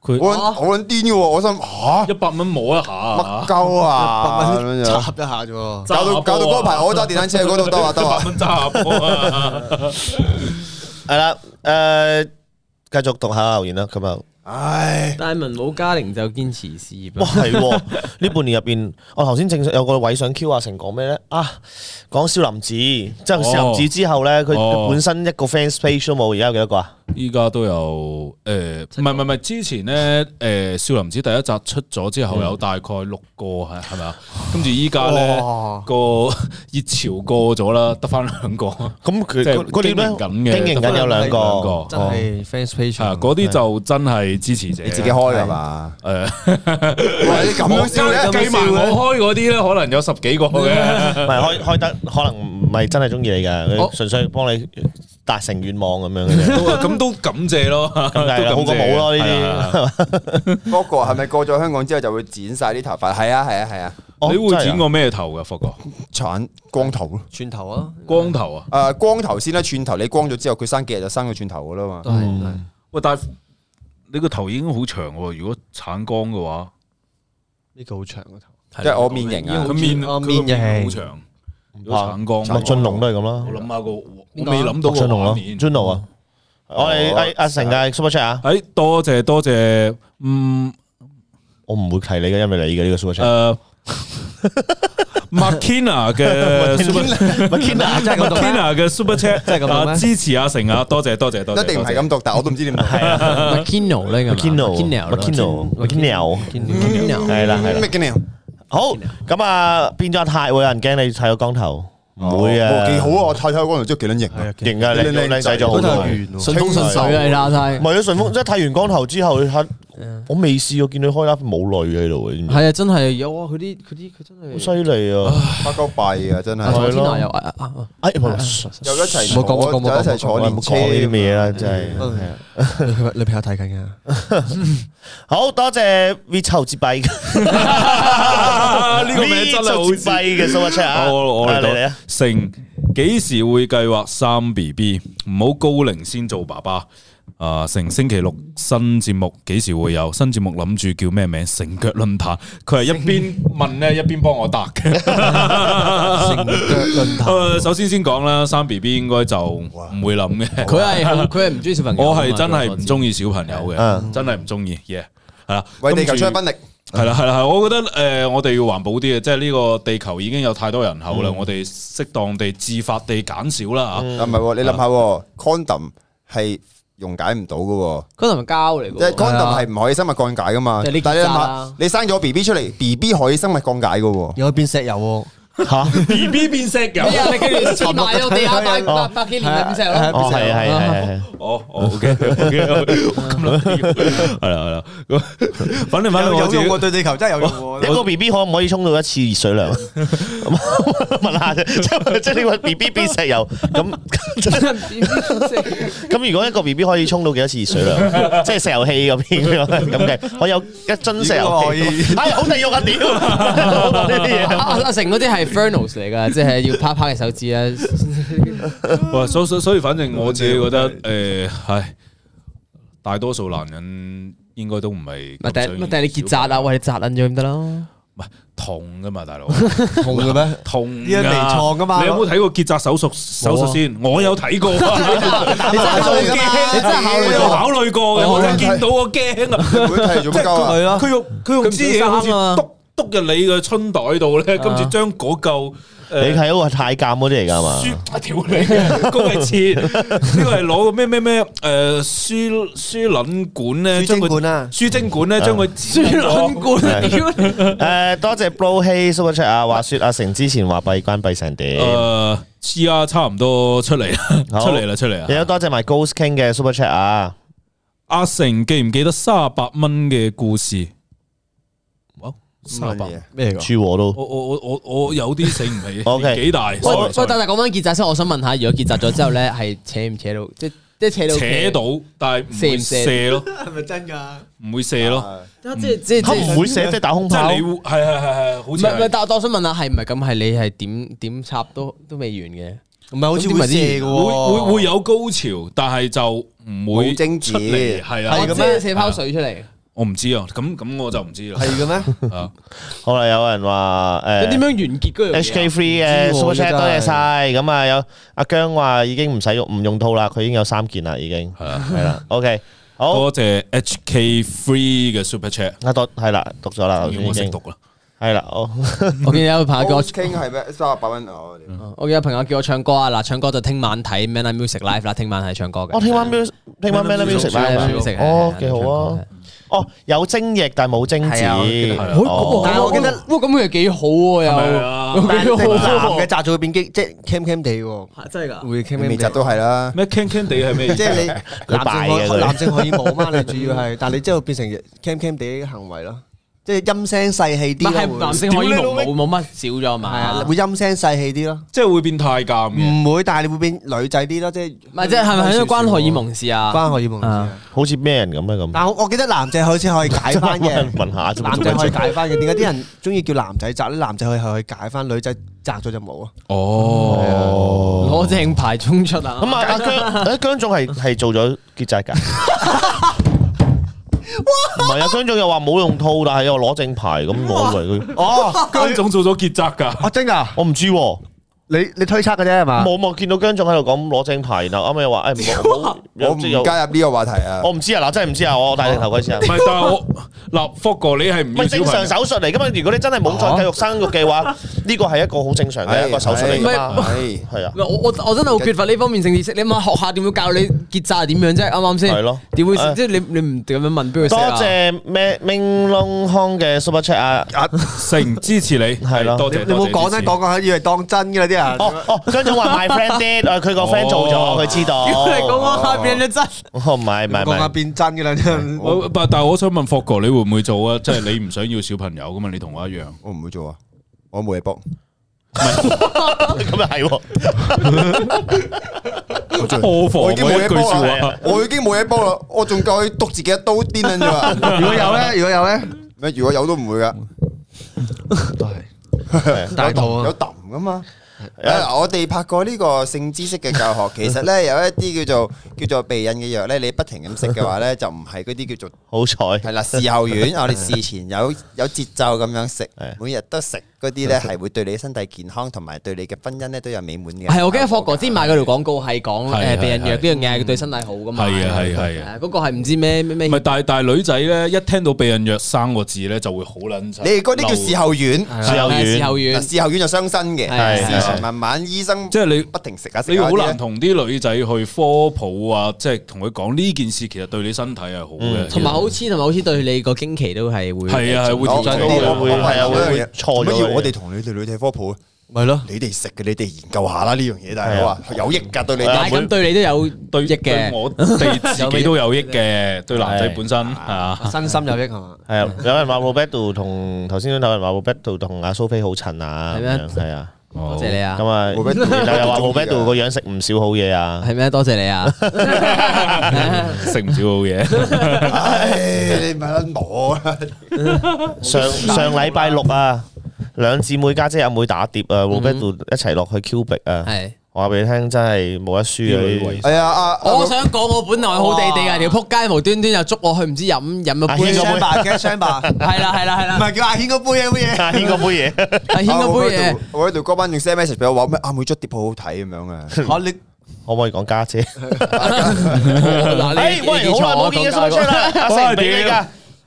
佢好捻癲嘅，我心吓一百蚊摸一下，乜鳩啊？一百蚊插一下啫，搞到搞到排，我揸電單車嗰度，得啊得啊。一百蚊啊！係啦，誒。繼續讀下留言啦，咁啊，唉，大文冇家庭就堅持事業。哇，係喎、哦，呢 (laughs) 半年入邊，我頭先正常有個位想 Q 阿成講咩咧？啊，講少林寺，哦、即係少林寺之後咧，佢本身一個 fans page 都冇，而家有幾多個啊？依家都有，誒，唔係唔係唔係，之前咧，誒，《少林寺》第一集出咗之後有大概六個係，係咪啊？跟住依家咧個熱潮過咗啦，得翻兩個。咁佢嗰啲咧經營緊有兩個，就係 fans page。嗰啲就真係支持者，你自己開㗎嘛？誒，咁樣計埋我開嗰啲咧，可能有十幾個嘅，唔係開開得，可能唔係真係中意你噶，佢純粹幫你。達成願望咁樣，咁都感謝咯，咁係好過冇咯呢啲。哥哥係咪過咗香港之後就會剪晒啲頭髮？係啊係啊係啊。你會剪過咩頭噶？佛哥，剷光頭咯，寸頭啊，光頭啊。誒，光頭先啦，寸頭你光咗之後，佢生幾日就生個寸頭噶啦嘛。喂，但係你個頭已經好長，如果剷光嘅話，呢個好長個頭，即係我面型啊，面面型好長。哇！麥浚龍都係咁啦，我諗下個，我未諗到個麥浚龍咯，麥浚龍啊！我係阿成嘅 super chat 啊！誒，多謝多謝，嗯，我唔會提你嘅，因為你嘅呢個 super chat，McKenna 嘅 McKenna，真係咁讀 McKenna 嘅 super chat，真係咁支持阿成啊！多謝多謝多，一定唔係咁讀，但我都唔知點讀，係 McKenna 呢 McKenna，McKenna，McKenna，係啦係啦，McKenna。好咁啊！變咗太會，有人驚你剃咗光頭，唔會啊？幾好啊！我剃咗光頭，即係幾撚型型啊！靚靚仔，順風順手嘅拉太，唔係啊！順風即係剃完光頭之後，你睇我未試過見佢開拉冇女嘅喺度，係啊！真係有啊！佢啲佢啲佢真係好犀利啊！發鳩閉啊！真係坐天台又啊啊！哎呀，又一齊冇講冇講冇講，唔係唔講呢啲嘢啦，真係你你睇下睇下睇下，好多謝 We 仇之幣。呢個名真係好弊嘅，蘇伯車啊！我我嚟啊，成幾時會計劃生 B B？唔好高齡先做爸爸。啊，成星期六新節目幾時會有？新節目諗住叫咩名？成腳論壇，佢係一邊問咧，一邊幫我答嘅。成腳論壇，首先先講啦，生 B B 應該就唔會諗嘅。佢係佢係唔中意小朋友，我係真係唔中意小朋友嘅，真係唔中意。Yeah，係啊，為地球出分力。係啦係啦係，我覺得誒、呃，我哋要環保啲嘅，即係呢個地球已經有太多人口啦，嗯、我哋適當地自發地減少啦吓。但係、嗯的，你諗下的，condom 係溶解唔到噶。condom 係膠嚟，condom 係唔可以生物降解噶嘛。啊、你諗下，你生咗 B B 出嚟，B B 可以生物降解噶。又變石油、啊。吓，B B 變石油，你跟住先買個地下百百百幾年嘅石油咯。係啊係啊係啊，哦，好嘅好嘅，咁耐係啦係啦，反正反正有用喎，對地球真係有用喎。一個 B B 可唔可以沖到一次熱水涼？問下先，即係即係你話 B B 變石油咁，咁如果一個 B B 可以沖到幾多次熱水涼？即係石油氣咁樣咁嘅，我有一樽石油氣，哎好實用啊屌，講呢啲嘢，阿阿成嗰啲係。Fernos 嚟噶，即係要啪啪嘅手指啊！哇，所所以反正我自己覺得誒，係大多數男人應該都唔係，但係你結紮啊，喂，你紮撚咗咁得咯？唔係痛噶嘛，大佬痛嘅咩？痛噶，冇錯噶嘛！你有冇睇過結紮手術手術先？我有睇過，打麻醉機，你真係考慮考慮過嘅，我見到我驚啊！即係佢用佢用針嘢好似篤，篤入你嘅春袋度咧，今次將嗰嚿你係嗰個太監嗰啲嚟噶嘛？書條你嘅，個係切呢個係攞個咩咩咩誒，輸輸卵管咧，輸精管啊，輸精管咧，將佢輸卵管誒，多謝 Blow (laughs) Hey Super Chat 啊，話說阿成之前話閉關閉成點？誒、呃，而家差唔多出嚟啦，出嚟啦，出嚟啊！亦都多謝埋 Ghost King 嘅 Super Chat 啊，阿成記唔記得三十八蚊嘅故事？三百咩？儲和都，我我我我我有啲醒唔起。O K，幾大？喂喂，但係講翻結紮先，我想問下，如果結紮咗之後咧，係扯唔扯到？即係即係扯到。扯到，但係射唔射咯？係咪真噶？唔會射咯。即係即係即唔會射，即係打空炮。係係係係，好似唔係但我想問下，係唔係咁？係你係點點插都都未完嘅？唔係，好似唔係啲嘢嘅。會會會有高潮，但係就唔會精出嚟。係啊，即係射泡水出嚟。我唔知啊，咁咁我就唔知啦。係嘅咩？好啦，有人話誒，點樣完結？HK Free 嘅 Super Chat，多謝晒。咁啊，有阿姜話已經唔使用，唔用套啦，佢已經有三件啦，已經係啦，係啦。OK，好，多謝 HK Free 嘅 Super Chat。我讀係啦，讀咗啦，我已經識讀啦，係啦。我我見有朋友叫我傾係咩？三啊八蚊。我見有朋友叫我唱歌啊，嗱，唱歌就聽晚睇 Man Music Live 啦，聽晚係唱歌嘅。我聽晚 Music，聽晚 Man Music Live，哦，幾好啊。哦，有精液，但係冇精子，但係我記得，咁佢係幾好喎又，幾好，唔係、哦哦、雜咗變激，即、就、係、是、cam cam 地喎，真係噶，會是 cam, cam cam 地都係啦，咩 cam cam 地係咩？ (laughs) 即係你男性可男性可以摸嘛？你主要係，但係你之後變成 cam cam 地行為啦。即係陰聲細氣啲，但係男性可以濃冇冇乜少咗嘛？係啊，會陰聲細氣啲咯，即係會變太監噶？唔會，但係你會變女仔啲咯，即係唔係？即係咪喺啲關荷爾蒙事啊？關荷爾蒙事，好似咩人咁樣咁？但係我我記得男仔可以先可以解翻嘅，問下先。男仔可以解翻嘅，點解啲人中意叫男仔紮？啲男仔可以係可以解翻，女仔紮咗就冇啊？哦，攞正牌沖出啊！咁啊，阿姜總係係做咗結紮噶。唔係啊，張總又話冇用套，但係又攞正牌咁攞嚟佢。哦，張總做咗結紮噶，阿真啊，我唔知。你你推測嘅啫係嘛？冇冇見到姜總喺度講攞正牌，然後啱啱又話誒，我唔加入呢個話題啊！我唔知啊，嗱真係唔知啊，我大隻頭鬼知啊！唔係得嗱，福哥你係唔係正常手術嚟㗎嘛？如果你真係冇再繼續生育嘅話，呢個係一個好正常嘅一個手術嚟㗎。係係啊！我我我真係好缺乏呢方面性知識，你問學校點會教你結扎係點樣啫？啱唔啱先？係咯，點會即係你你唔咁樣問俾佢？多謝 Mat Ming Long Kong 嘅 Super Chat 啊！阿成支持你係咯，多謝多謝。你冇講真講個，好似係當真㗎啲。哦哦，江總話 my friend 啲，佢個 friend 做咗，佢知道。叫你講我變真，唔係唔係唔係變真噶啦。但係我想問霍哥，你會唔會做啊？即係你唔想要小朋友噶嘛？你同我一樣，我唔會做啊，我冇嘢幫。咁又係，我已經冇嘢幫啦。我已經冇嘢幫啦，我仲夠去督自己一刀癲啊！如果，有咧，如果有咧，如果有都唔會噶。都係大有揼噶嘛。嗯，我哋拍過呢個性知識嘅教學，其實呢有一啲叫做叫做避孕嘅藥呢，你不停咁食嘅話呢，就唔係嗰啲叫做好彩係啦，事後丸，我哋事前有有節奏咁樣食，每日都食。嗰啲咧係會對你身體健康同埋對你嘅婚姻咧都有美滿嘅。係，我記得霍格先賣嗰條廣告係講避孕藥呢樣嘢對身體好㗎嘛。係啊係啊係啊！嗰個係唔知咩咩咩。唔係，但係但係女仔咧一聽到避孕藥三個字咧就會好撚憎。你哋嗰啲叫事後丸，事後丸，事後丸就傷身嘅。係，慢慢醫生即係你不停食啊！你好難同啲女仔去科普啊，即係同佢講呢件事其實對你身體係好嘅。同埋好似同埋好似對你個經期都係會係啊係會。我會係啊會錯咗。我哋同你哋女睇科普，係咯？你哋食嘅，你哋研究下啦呢樣嘢。但係我話有益噶，對你，對，對你都有對益嘅。我對自己都有益嘅，對男仔本身，係啊，身心有益係嘛？係啊！有人話莫比度同頭先嗰頭有人話莫比度同阿蘇菲好襯啊，係啊！多謝你啊！咁啊，又話莫比度個樣食唔少好嘢啊？係咩？多謝你啊！食唔少好嘢，你咪得我上上禮拜六啊！兩姊妹家姐阿妹打碟啊，會喺度一齊落去 Q 幣啊，我話俾你聽真係冇得輸嘅。係啊啊！我想講我本來好地地啊，條撲街無端端就捉我去唔知飲飲咗杯雙吧，get 雙吧，係啦，係啦，係啦。唔係叫阿軒個杯嘢乜嘢？阿軒個杯嘢，阿軒個杯嘢。我喺度哥班仲 send message 俾我話咩？阿妹捽碟好好睇咁樣啊！可唔可以講家姐？嗱你喂，好耐冇見嘅孫出嚟，我唔俾你噶。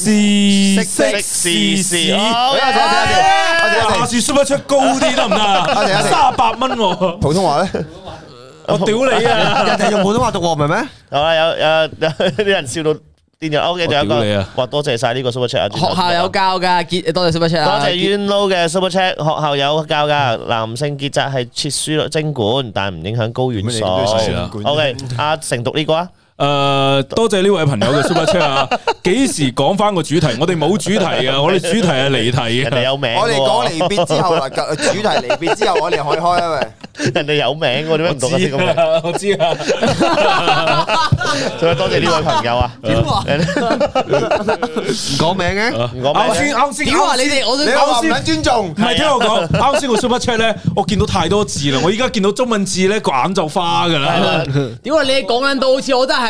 是色是事，好，下次 super check 高啲得唔得？三十八蚊，普通話咧，我屌你啊！人哋用普通話讀我明咩？好啦，有有啲人笑到，啲人我屋企仲有一個，話多謝晒呢個 super check。學校有教噶結，多謝 super check，多謝 Yuen Low 嘅 super check。學校有教噶男性結扎係切輸精管，但係唔影響睾丸所。O K，阿成讀呢個啊。誒、呃，多謝呢位朋友嘅 super chat 啊！幾時講翻個主題？我哋冇主題嘅，我哋主題係離題嘅。有名，啊、我哋講離別之後主題離別之後，之後我哋可以開啊咪。人哋有名，我點樣知？我知啊！ (laughs) 多謝呢位朋友啊！唔講、啊、名嘅，唔講名。啱先、啊啊，你哋我啱先尊重，唔係是聽我講。啱先個 super chat 咧，我見到太多字啦，我而家見到中文字咧，個眼就花噶啦、啊。屌，你講緊到好似我真係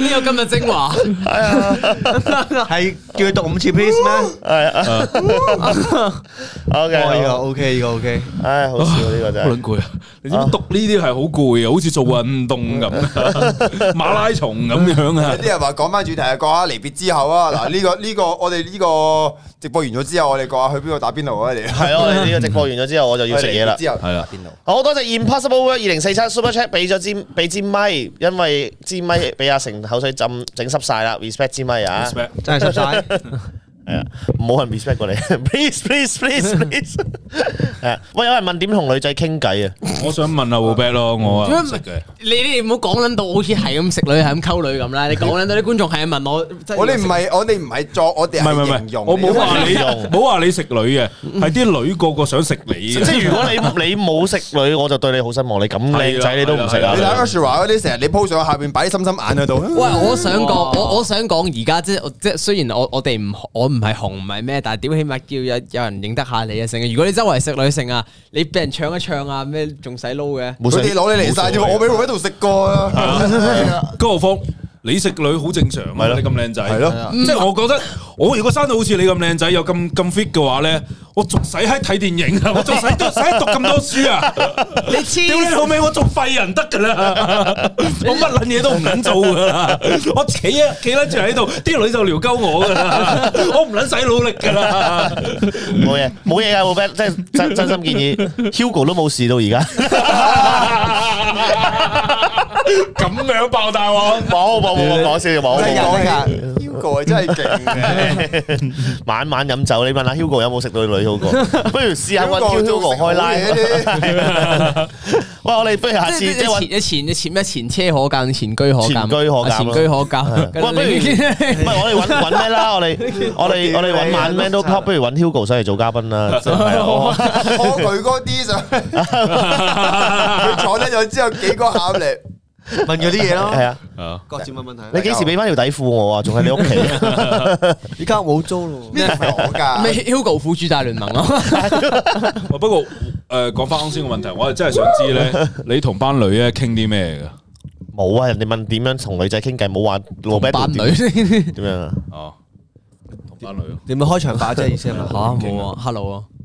呢個今日精華係叫佢讀五次 please 咩？係啊。O K，呢個 O K，呢個 O K。唉，好笑呢個真係。好攰啊！你知唔知讀呢啲係好攰啊，好似做運動咁，馬拉松咁樣啊。啲人話講翻主題啊，講下離別之後啊。嗱，呢個呢個我哋呢個直播完咗之後，我哋講下去邊度打邊爐啊。嚟係啊，我哋呢個直播完咗之後，我就要食嘢啦。之後係啦，邊度？好多謝 Impossible 二零四七 Super Chat 俾咗支俾支咪，因為支咪，俾阿成。口水浸整濕曬啦，respect 支咪啊，真係濕曬。係啊，冇人 respect 過你，please please please please，係啊，我有人問點同女仔傾偈啊，我想問阿 Hubert 咯，我啊，你你唔好講捻到好似係咁食女，係咁溝女咁啦，你講捻到啲觀眾係問我，我哋唔係我哋唔係作，我哋唔係唔係用，我冇話你用，冇話你食女嘅，係啲女個個想食你嘅，即係如果你你冇食女，我就對你好失望，你咁靚仔你都唔食啊？你睇 Ashua 嗰啲成日你鋪上下邊擺啲心心眼喺度，喂，我想講，我我想講而家即係即係雖然我我哋唔我。唔係紅唔係咩，但係點起碼叫有有人認得下你啊！成日如果你周圍食女性啊，你俾人搶一唱啊，咩仲使撈嘅？冇事，攞你嚟曬，我冇喺度食過啊！ (laughs) (laughs) 高峰。你食女好正常啊！你咁靚仔，的嗯、即係我覺得，嗯、我如果生到好似你咁靚仔又咁咁 fit 嘅話咧，我仲使喺睇電影啊！我仲使都使讀咁多書啊！你黐屌你後尾我做廢人得㗎啦！我乜撚嘢都唔撚做㗎啦！我企啊企撚住喺度，啲女就撩鳩我㗎啦！我唔撚使努力㗎啦！冇嘢冇嘢啊！老闆，即係真，真心建議，Hugo 都冇事到而家。 (laughs) 咁樣爆大鑊，冇冇冇講笑，冇講噶。Hugo 係真係勁晚晚飲酒，你問下 Hugo 有冇食到女 Hugo？不如試下搵 Hugo 開拉。喂，我哋不如下次即係前一前一前車可鑒，前居可鑒，居可鑒。喂，不如唔係我哋搵搵咩啦？我哋我哋我哋搵萬咩都得，不如搵 Hugo 上嚟做嘉賓啦。我佢嗰啲就坐低咗，之後幾個考力。問咗啲嘢咯，係啊，各自問問題。你幾時俾翻條底褲我啊？仲喺你屋企？而、 (laughs) 啊、家冇租咯。咩係我噶，咩 Hugo 富珠大聯盟咯。不過誒，講翻啱先個問題，我係真係想知咧、 (laughs) 啊，你同班女咧傾啲咩噶？冇、 (laughs) 哦、啊，人哋問點樣同女仔傾偈，冇話羅賓。班女點樣啊？哦、啊，同班女。你咪開場打啫，意思係咪？冇啊，Hello。啊。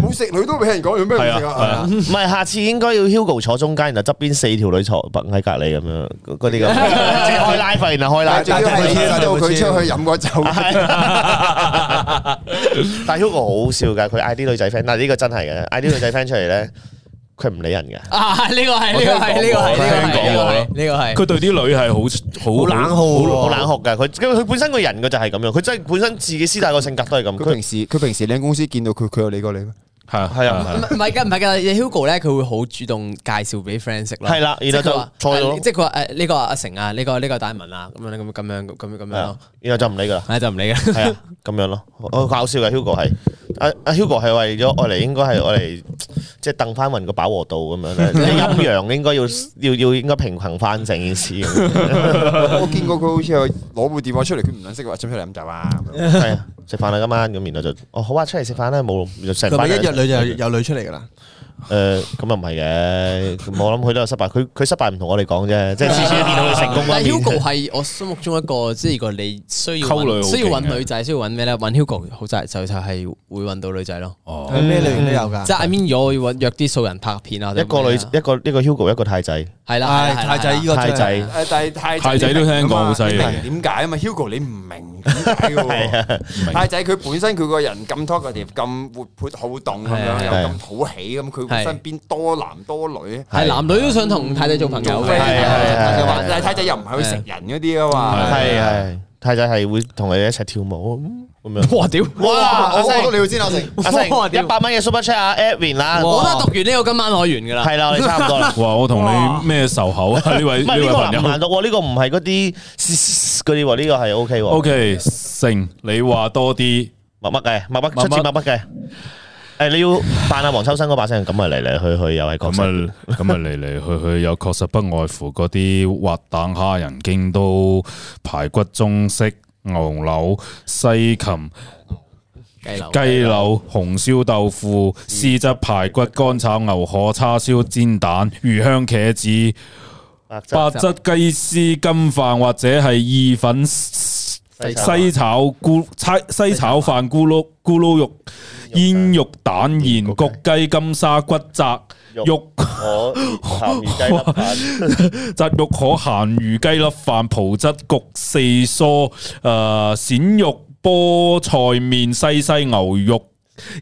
冇食女都俾人講，有咩唔同噶？唔係，下次應該要 Hugo 坐中間，然後側邊四條女坐，擺喺隔離咁樣，嗰啲咁即係開拉菲開拉，只要佢出去飲個酒。 (laughs) 哈哈，但 Hugo 好笑噶，佢嗌啲女仔 friend，嗱，呢個真係嘅，嗌啲女仔 friend 出嚟咧。 (laughs) 佢唔理人嘅。啊，呢個係呢個係呢個係呢個係。佢對啲女係好好冷酷，好冷酷嘅。佢佢本身個人嘅，就係咁樣。佢真係本身自己私底下個性格都係咁。佢平時佢平時你喺公司見到佢，佢有理過你咩？係啊，係啊，唔係唔係唔係噶。Hugo 咧，佢會好主動介紹俾 friend 識啦。係啦，然後就錯咗咯。即係佢話誒呢個阿成啊，呢個呢個戴文啊，咁樣咁樣咁樣咁樣。然後就唔理噶啦，係就唔理噶啦。係啊，咁樣咯，好搞笑嘅 Hugo 係。阿阿 Hugo 哥係為咗我嚟， (laughs) 應該係我嚟，即係掟翻勻個飽和度咁樣咧，陰陽應該要要要應該平衡翻成件事。 (laughs) (laughs) 我見過佢好似攞部電話出嚟，佢唔想識話出唔出嚟飲酒啊？係啊、 (laughs) (laughs) 哎，食飯啦今晚咁，然後就哦好啊，出嚟食飯啦，冇就食。係一日女就有女對 出嚟噶啦？誒，咁又唔係嘅，我諗佢都有失敗，佢佢失敗唔同我哋講啫，即係之前啲電腦成功 Hugo 係我心目中一個即係個你需要需要揾女仔，需要揾咩咧？揾 Hugo 好就就就係會揾到女仔咯。哦，咩類型都有噶，即係 I mean，我要揾約啲素人拍片啊，一個女一個呢個 Hugo，一個太仔係啦，太仔呢個太仔，但係太太仔都聽過好犀利嘅，點解啊？嘛，Hugo 你唔明。 (laughs) 太仔佢本身佢個人咁 talkative，咁活潑好動咁樣，又咁好喜。咁，佢身邊多男多女，係男女都想同太仔做朋友嘅。但係的太仔又唔係會食人嗰啲啊嘛。係係，太仔係會同你哋一齊跳舞。哇屌！哇，我識得你先，我哋一百蚊嘅 super chat 阿 Edwin 啦，我都係讀完呢個今晚我完噶啦，係啦，你差唔多啦。哇，我同你咩仇口啊？呢位呢位萬讀呢個唔係嗰啲嗰啲喎，呢個係 O K O K。盛，你話多啲墨筆嘅墨筆，出字墨筆嘅。誒，你要扮阿黃秋生嗰把聲，咁啊嚟嚟去去又係確實咁啊咁啊嚟嚟去去又確實不外乎嗰啲滑蛋蝦仁、京都排骨中式牛柳、西芹、雞柳、雞柳紅燒豆腐、豉汁、嗯、排骨、乾炒牛河、叉燒煎蛋、魚香茄子、白汁雞絲、金飯或者係意粉、西炒咕西炒飯、咕嚕咕嚕肉，肉、煙肉蛋煙、鹽焗雞、金沙骨扎。肉可鹹 (laughs) 魚雞粒飯，汁 (laughs) 肉可鹹魚雞粒飯葡汁焗四蔬，誒、呃，鱔肉菠菜麵西西牛肉，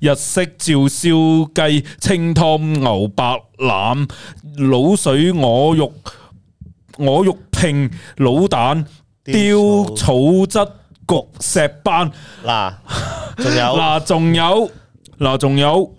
日式照燒雞清湯牛白腩，滷水鵝肉，鵝肉拼滷蛋，雕草汁焗石斑，嗱、啊，仲有嗱，仲有嗱，仲有。 (laughs) 啊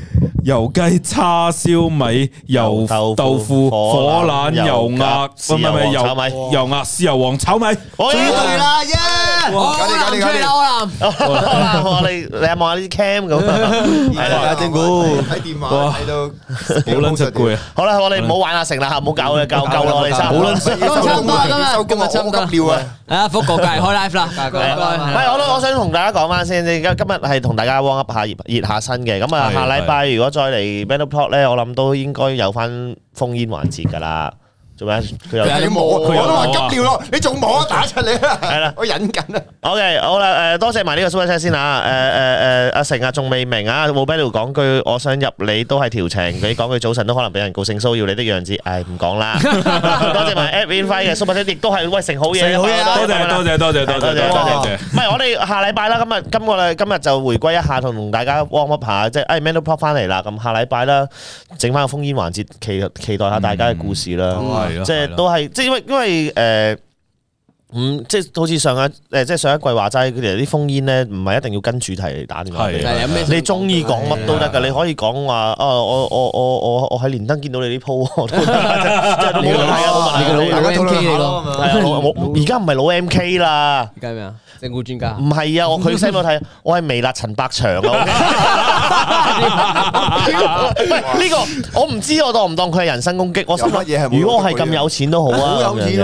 油雞叉燒米、油豆腐、火腩、油鴨，唔係唔係油油鴨、豉油皇炒米，最對啦，耶！我哋你有冇啲 cam 咁？係啦，正股喺電話喺度，好撚出攰啊！好啦，我哋唔好玩阿成啦，吓唔好搞啦，夠夠啦，我哋差唔多啦，今日差唔多啦，今日差唔多了啊！啊，复個計開 live 啦，唔係我我我想同大家講翻先，即係今日係同大家 warm up 下熱熱下身嘅，咁啊下禮拜。如果再嚟 Battlepod 咧，我諗都應該有翻烽煙環節噶啦。佢又，你摸我都話急尿咯，你仲摸啊？打出嚟啦！係啦，我忍緊啊。OK，好啦，誒，多謝埋呢個 super chat 先吓，誒誒誒，阿成啊，仲未明啊，冇俾你講句，我想入你都係調情，你講句早晨都可能俾人告性騷擾你的樣子，唉，唔講啦。多謝埋阿 Vin 飛嘅 super chat，亦都係喂成好嘢，多謝多謝多謝多謝多謝多謝。唔係，我哋下禮拜啦，今日今個今日就回歸一下，同大家 w a r m up 下，即係 I m a n e pop 翻嚟啦。咁下禮拜啦，整翻個烽煙環節，期期待下大家嘅故事啦。即係都係，即係因為因為誒。呃唔即係好似上一誒即係上一季話齋佢哋啲封煙咧，唔係一定要跟主題嚟打電話。係，你中意講乜都得噶，你可以講話哦，我我我我我喺連登見到你呢鋪，係啊，我而家唔係老 M K 啦。而家咩啊？政府專家唔係啊，我佢細個睇，我係微辣陳百祥啊。呢個我唔知我當唔當佢係人身攻擊，我心乜嘢係。如果我係咁有錢都好啊，好有錢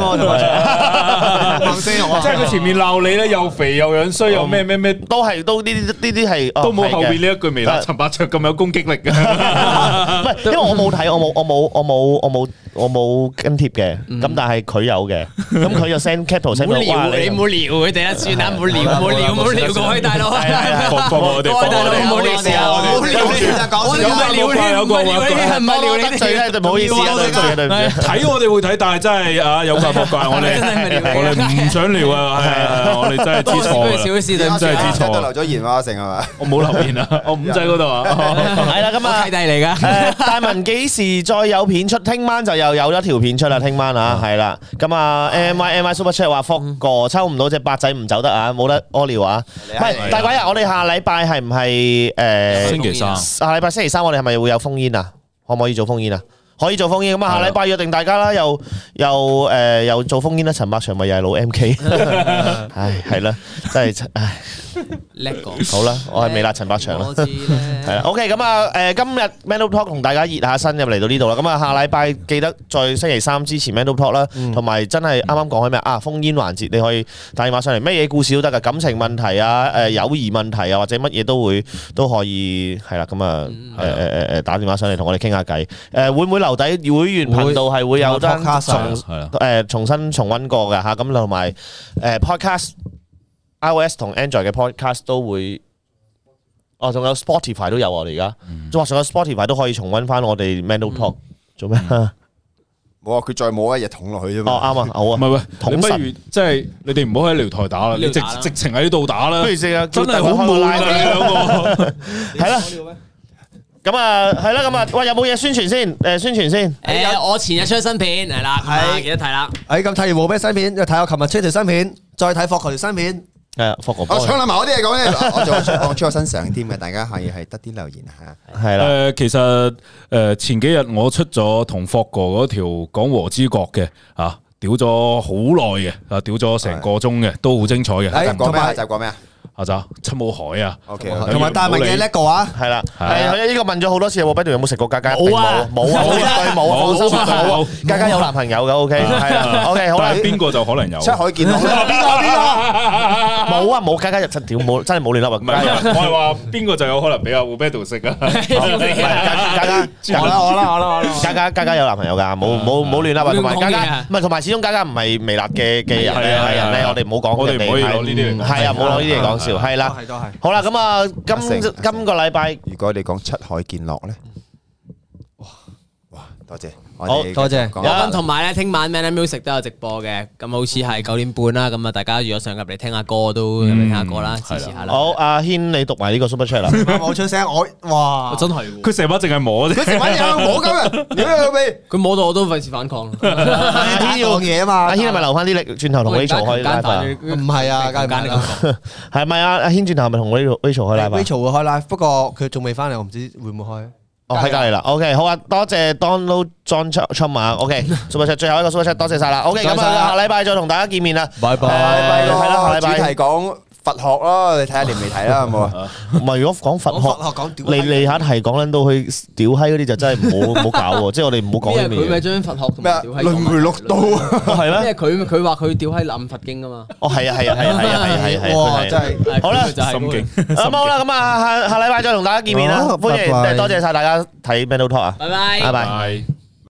(music) 即係佢前面鬧你咧， (music) 又肥又樣衰， (music) 又咩咩咩，都係都呢啲呢啲係，都冇、哦、後面呢一句未啦。的陳百祥咁有攻擊力嘅，唔係因為我冇睇，我冇我冇我冇我冇。我冇跟貼嘅，咁但係佢有嘅，咁佢就 send capital send。唔好撩，你唔好撩佢第一次，唔好撩，唔好撩，唔好撩佢大佬。放我哋，唔好撩佢。唔好撩你，就講少啲，唔好撩你，唔好撩你啲嘢咧，就唔好意思啊。睇我哋會睇，但係真係啊有怪莫怪，我哋我哋唔想撩啊，係啊，我哋真係知錯啦。少少事就真係知錯。留咗言啊，剩係嘛？我冇留言啊，我五仔嗰度啊。係啦，咁啊契弟嚟㗎，大文幾時再有片出？聽晚就有。又有一條片出啦，聽晚啊，係啦，咁啊，M Y M Y Super 出嚟 Chat 話封個抽唔到隻八仔唔走得啊，冇得屙尿啊，喂，大鬼啊，我哋下禮拜係唔係誒？星期三下禮拜星期三我哋係咪會有封煙啊？可唔可以做封煙啊？可以做烽煙咁啊！下禮拜約定大家啦，又又誒、呃、又做烽煙啦，陳百祥咪又係老 M K， (laughs) 唉係啦，真係叻講， (laughs) 好啦，我係未啦，陳百祥，係 OK 咁啊誒今日 Man Talk 同大家熱下身，又嚟到呢度啦，咁啊下禮拜記得在星期三之前 Man Talk 啦、嗯，同埋真係啱啱講開咩啊烽煙環節，你可以打電話上嚟，咩嘢故事都得噶，感情問題啊誒友誼問題啊或者乜嘢都會都可以係啦，咁、嗯嗯、啊誒誒誒打電話上嚟同我哋傾下偈。誒會唔會樓底會員頻道係會有得重誒，重新重溫過嘅吓，咁同埋誒 Podcast iOS 同 Android 嘅 Podcast 都會，哦，仲有 Spotify 都有啊！而家仲話，仲有 Spotify 都可以重溫翻我哋 Mental Talk 做咩？冇啊、嗯，佢再冇一日捅落去啫嘛。嗯、 (laughs) 哦，啱、哦、啊，好啊，唔係喂，捅神你不如即係、就是、你哋唔好喺聊台打啦，打你直直情喺度打啦。不如試下，真係好無賴啲兩個，係啦。咁啊，係啦、啊，咁啊，喂，有冇嘢宣傳先？誒、欸，宣傳先。誒有，我前日出新片，係啦、啊，係、啊、記得睇啦。誒、欸，咁睇完胡斌新片，又睇我琴日出條新片，再睇霍國條新片。誒、啊，霍國，我商量埋嗰啲嘢講咧，我仲出新相添嘅，大家係係得啲留言吓。係啦，誒，其實誒、呃，前幾日我出咗同霍國嗰條講和之國嘅，吓，屌咗好耐嘅，啊，屌咗成個鐘嘅，都好精彩嘅。講咩就講咩啊？阿 Zack，出冇海啊，OK，同埋大文嘅 Lego 啊，係啦，係，呢個問咗好多次，彼得有冇食過家家？冇啊，冇啊，絕對冇，冇啊，家家有男朋友噶，OK，係啊，OK，好，但係邊個就可能有？出海見啦，邊個邊個？冇啊，冇家家入七條，冇真係冇亂嬲啊！唔係，我係話邊個就有可能俾阿胡彼得食啊？家家，好啦好啦好啦好啦，家家家家有男朋友噶，冇冇冇亂嬲，同埋家家，唔係同埋始終家家唔係微辣嘅嘅人咧，我哋唔好講。我哋唔可以講呢啲，係啊，唔好呢啲嚟講。係啦，係好啦，咁是啊，今啊星今個禮拜，如果你講七海見落咧。嗯多謝，多謝。同埋咧，聽晚咩咧 Music 都有直播嘅，咁好似係九點半啦。咁啊，大家如果想入嚟聽下歌，都聽下歌啦，支持下啦。好，阿軒你讀埋呢個 super chat 我出聲，我哇，真係，佢成班淨係摸啫。佢成班人摸今佢摸到我都費事反抗。阿軒要學嘢啊嘛，阿軒係咪留翻啲力轉頭同 Richo 開 live？唔係啊，唔係啊，係咪阿阿軒轉頭咪同我呢度 Richo 開 live？Richo 會開 live，不過佢仲未翻嚟，我唔知會唔會開。哦，喺隔籬啦，OK，好啊，多謝 Donald John Chum，OK，super 車，最後一個 super 車，多、okay，謝晒啦，OK，咁啊，下禮拜再同大家見面啦，拜拜，係啦，主題講。哦佛學啦，你睇下你未睇啦，係冇？唔係如果講佛學，你你下係講緊到去屌閪嗰啲就真係唔好唔好搞喎，即係我哋唔好講呢啲。佢咪將佛學同屌閪輪回六道係咩？即係佢佢話佢屌閪諗佛經噶嘛。哦，係啊，係啊，係啊，係啊，哇，真係好啦，就係心經咁好啦，咁啊下下禮拜再同大家見面啦，歡迎，多謝晒大家睇 mental talk 啊，拜拜，拜拜。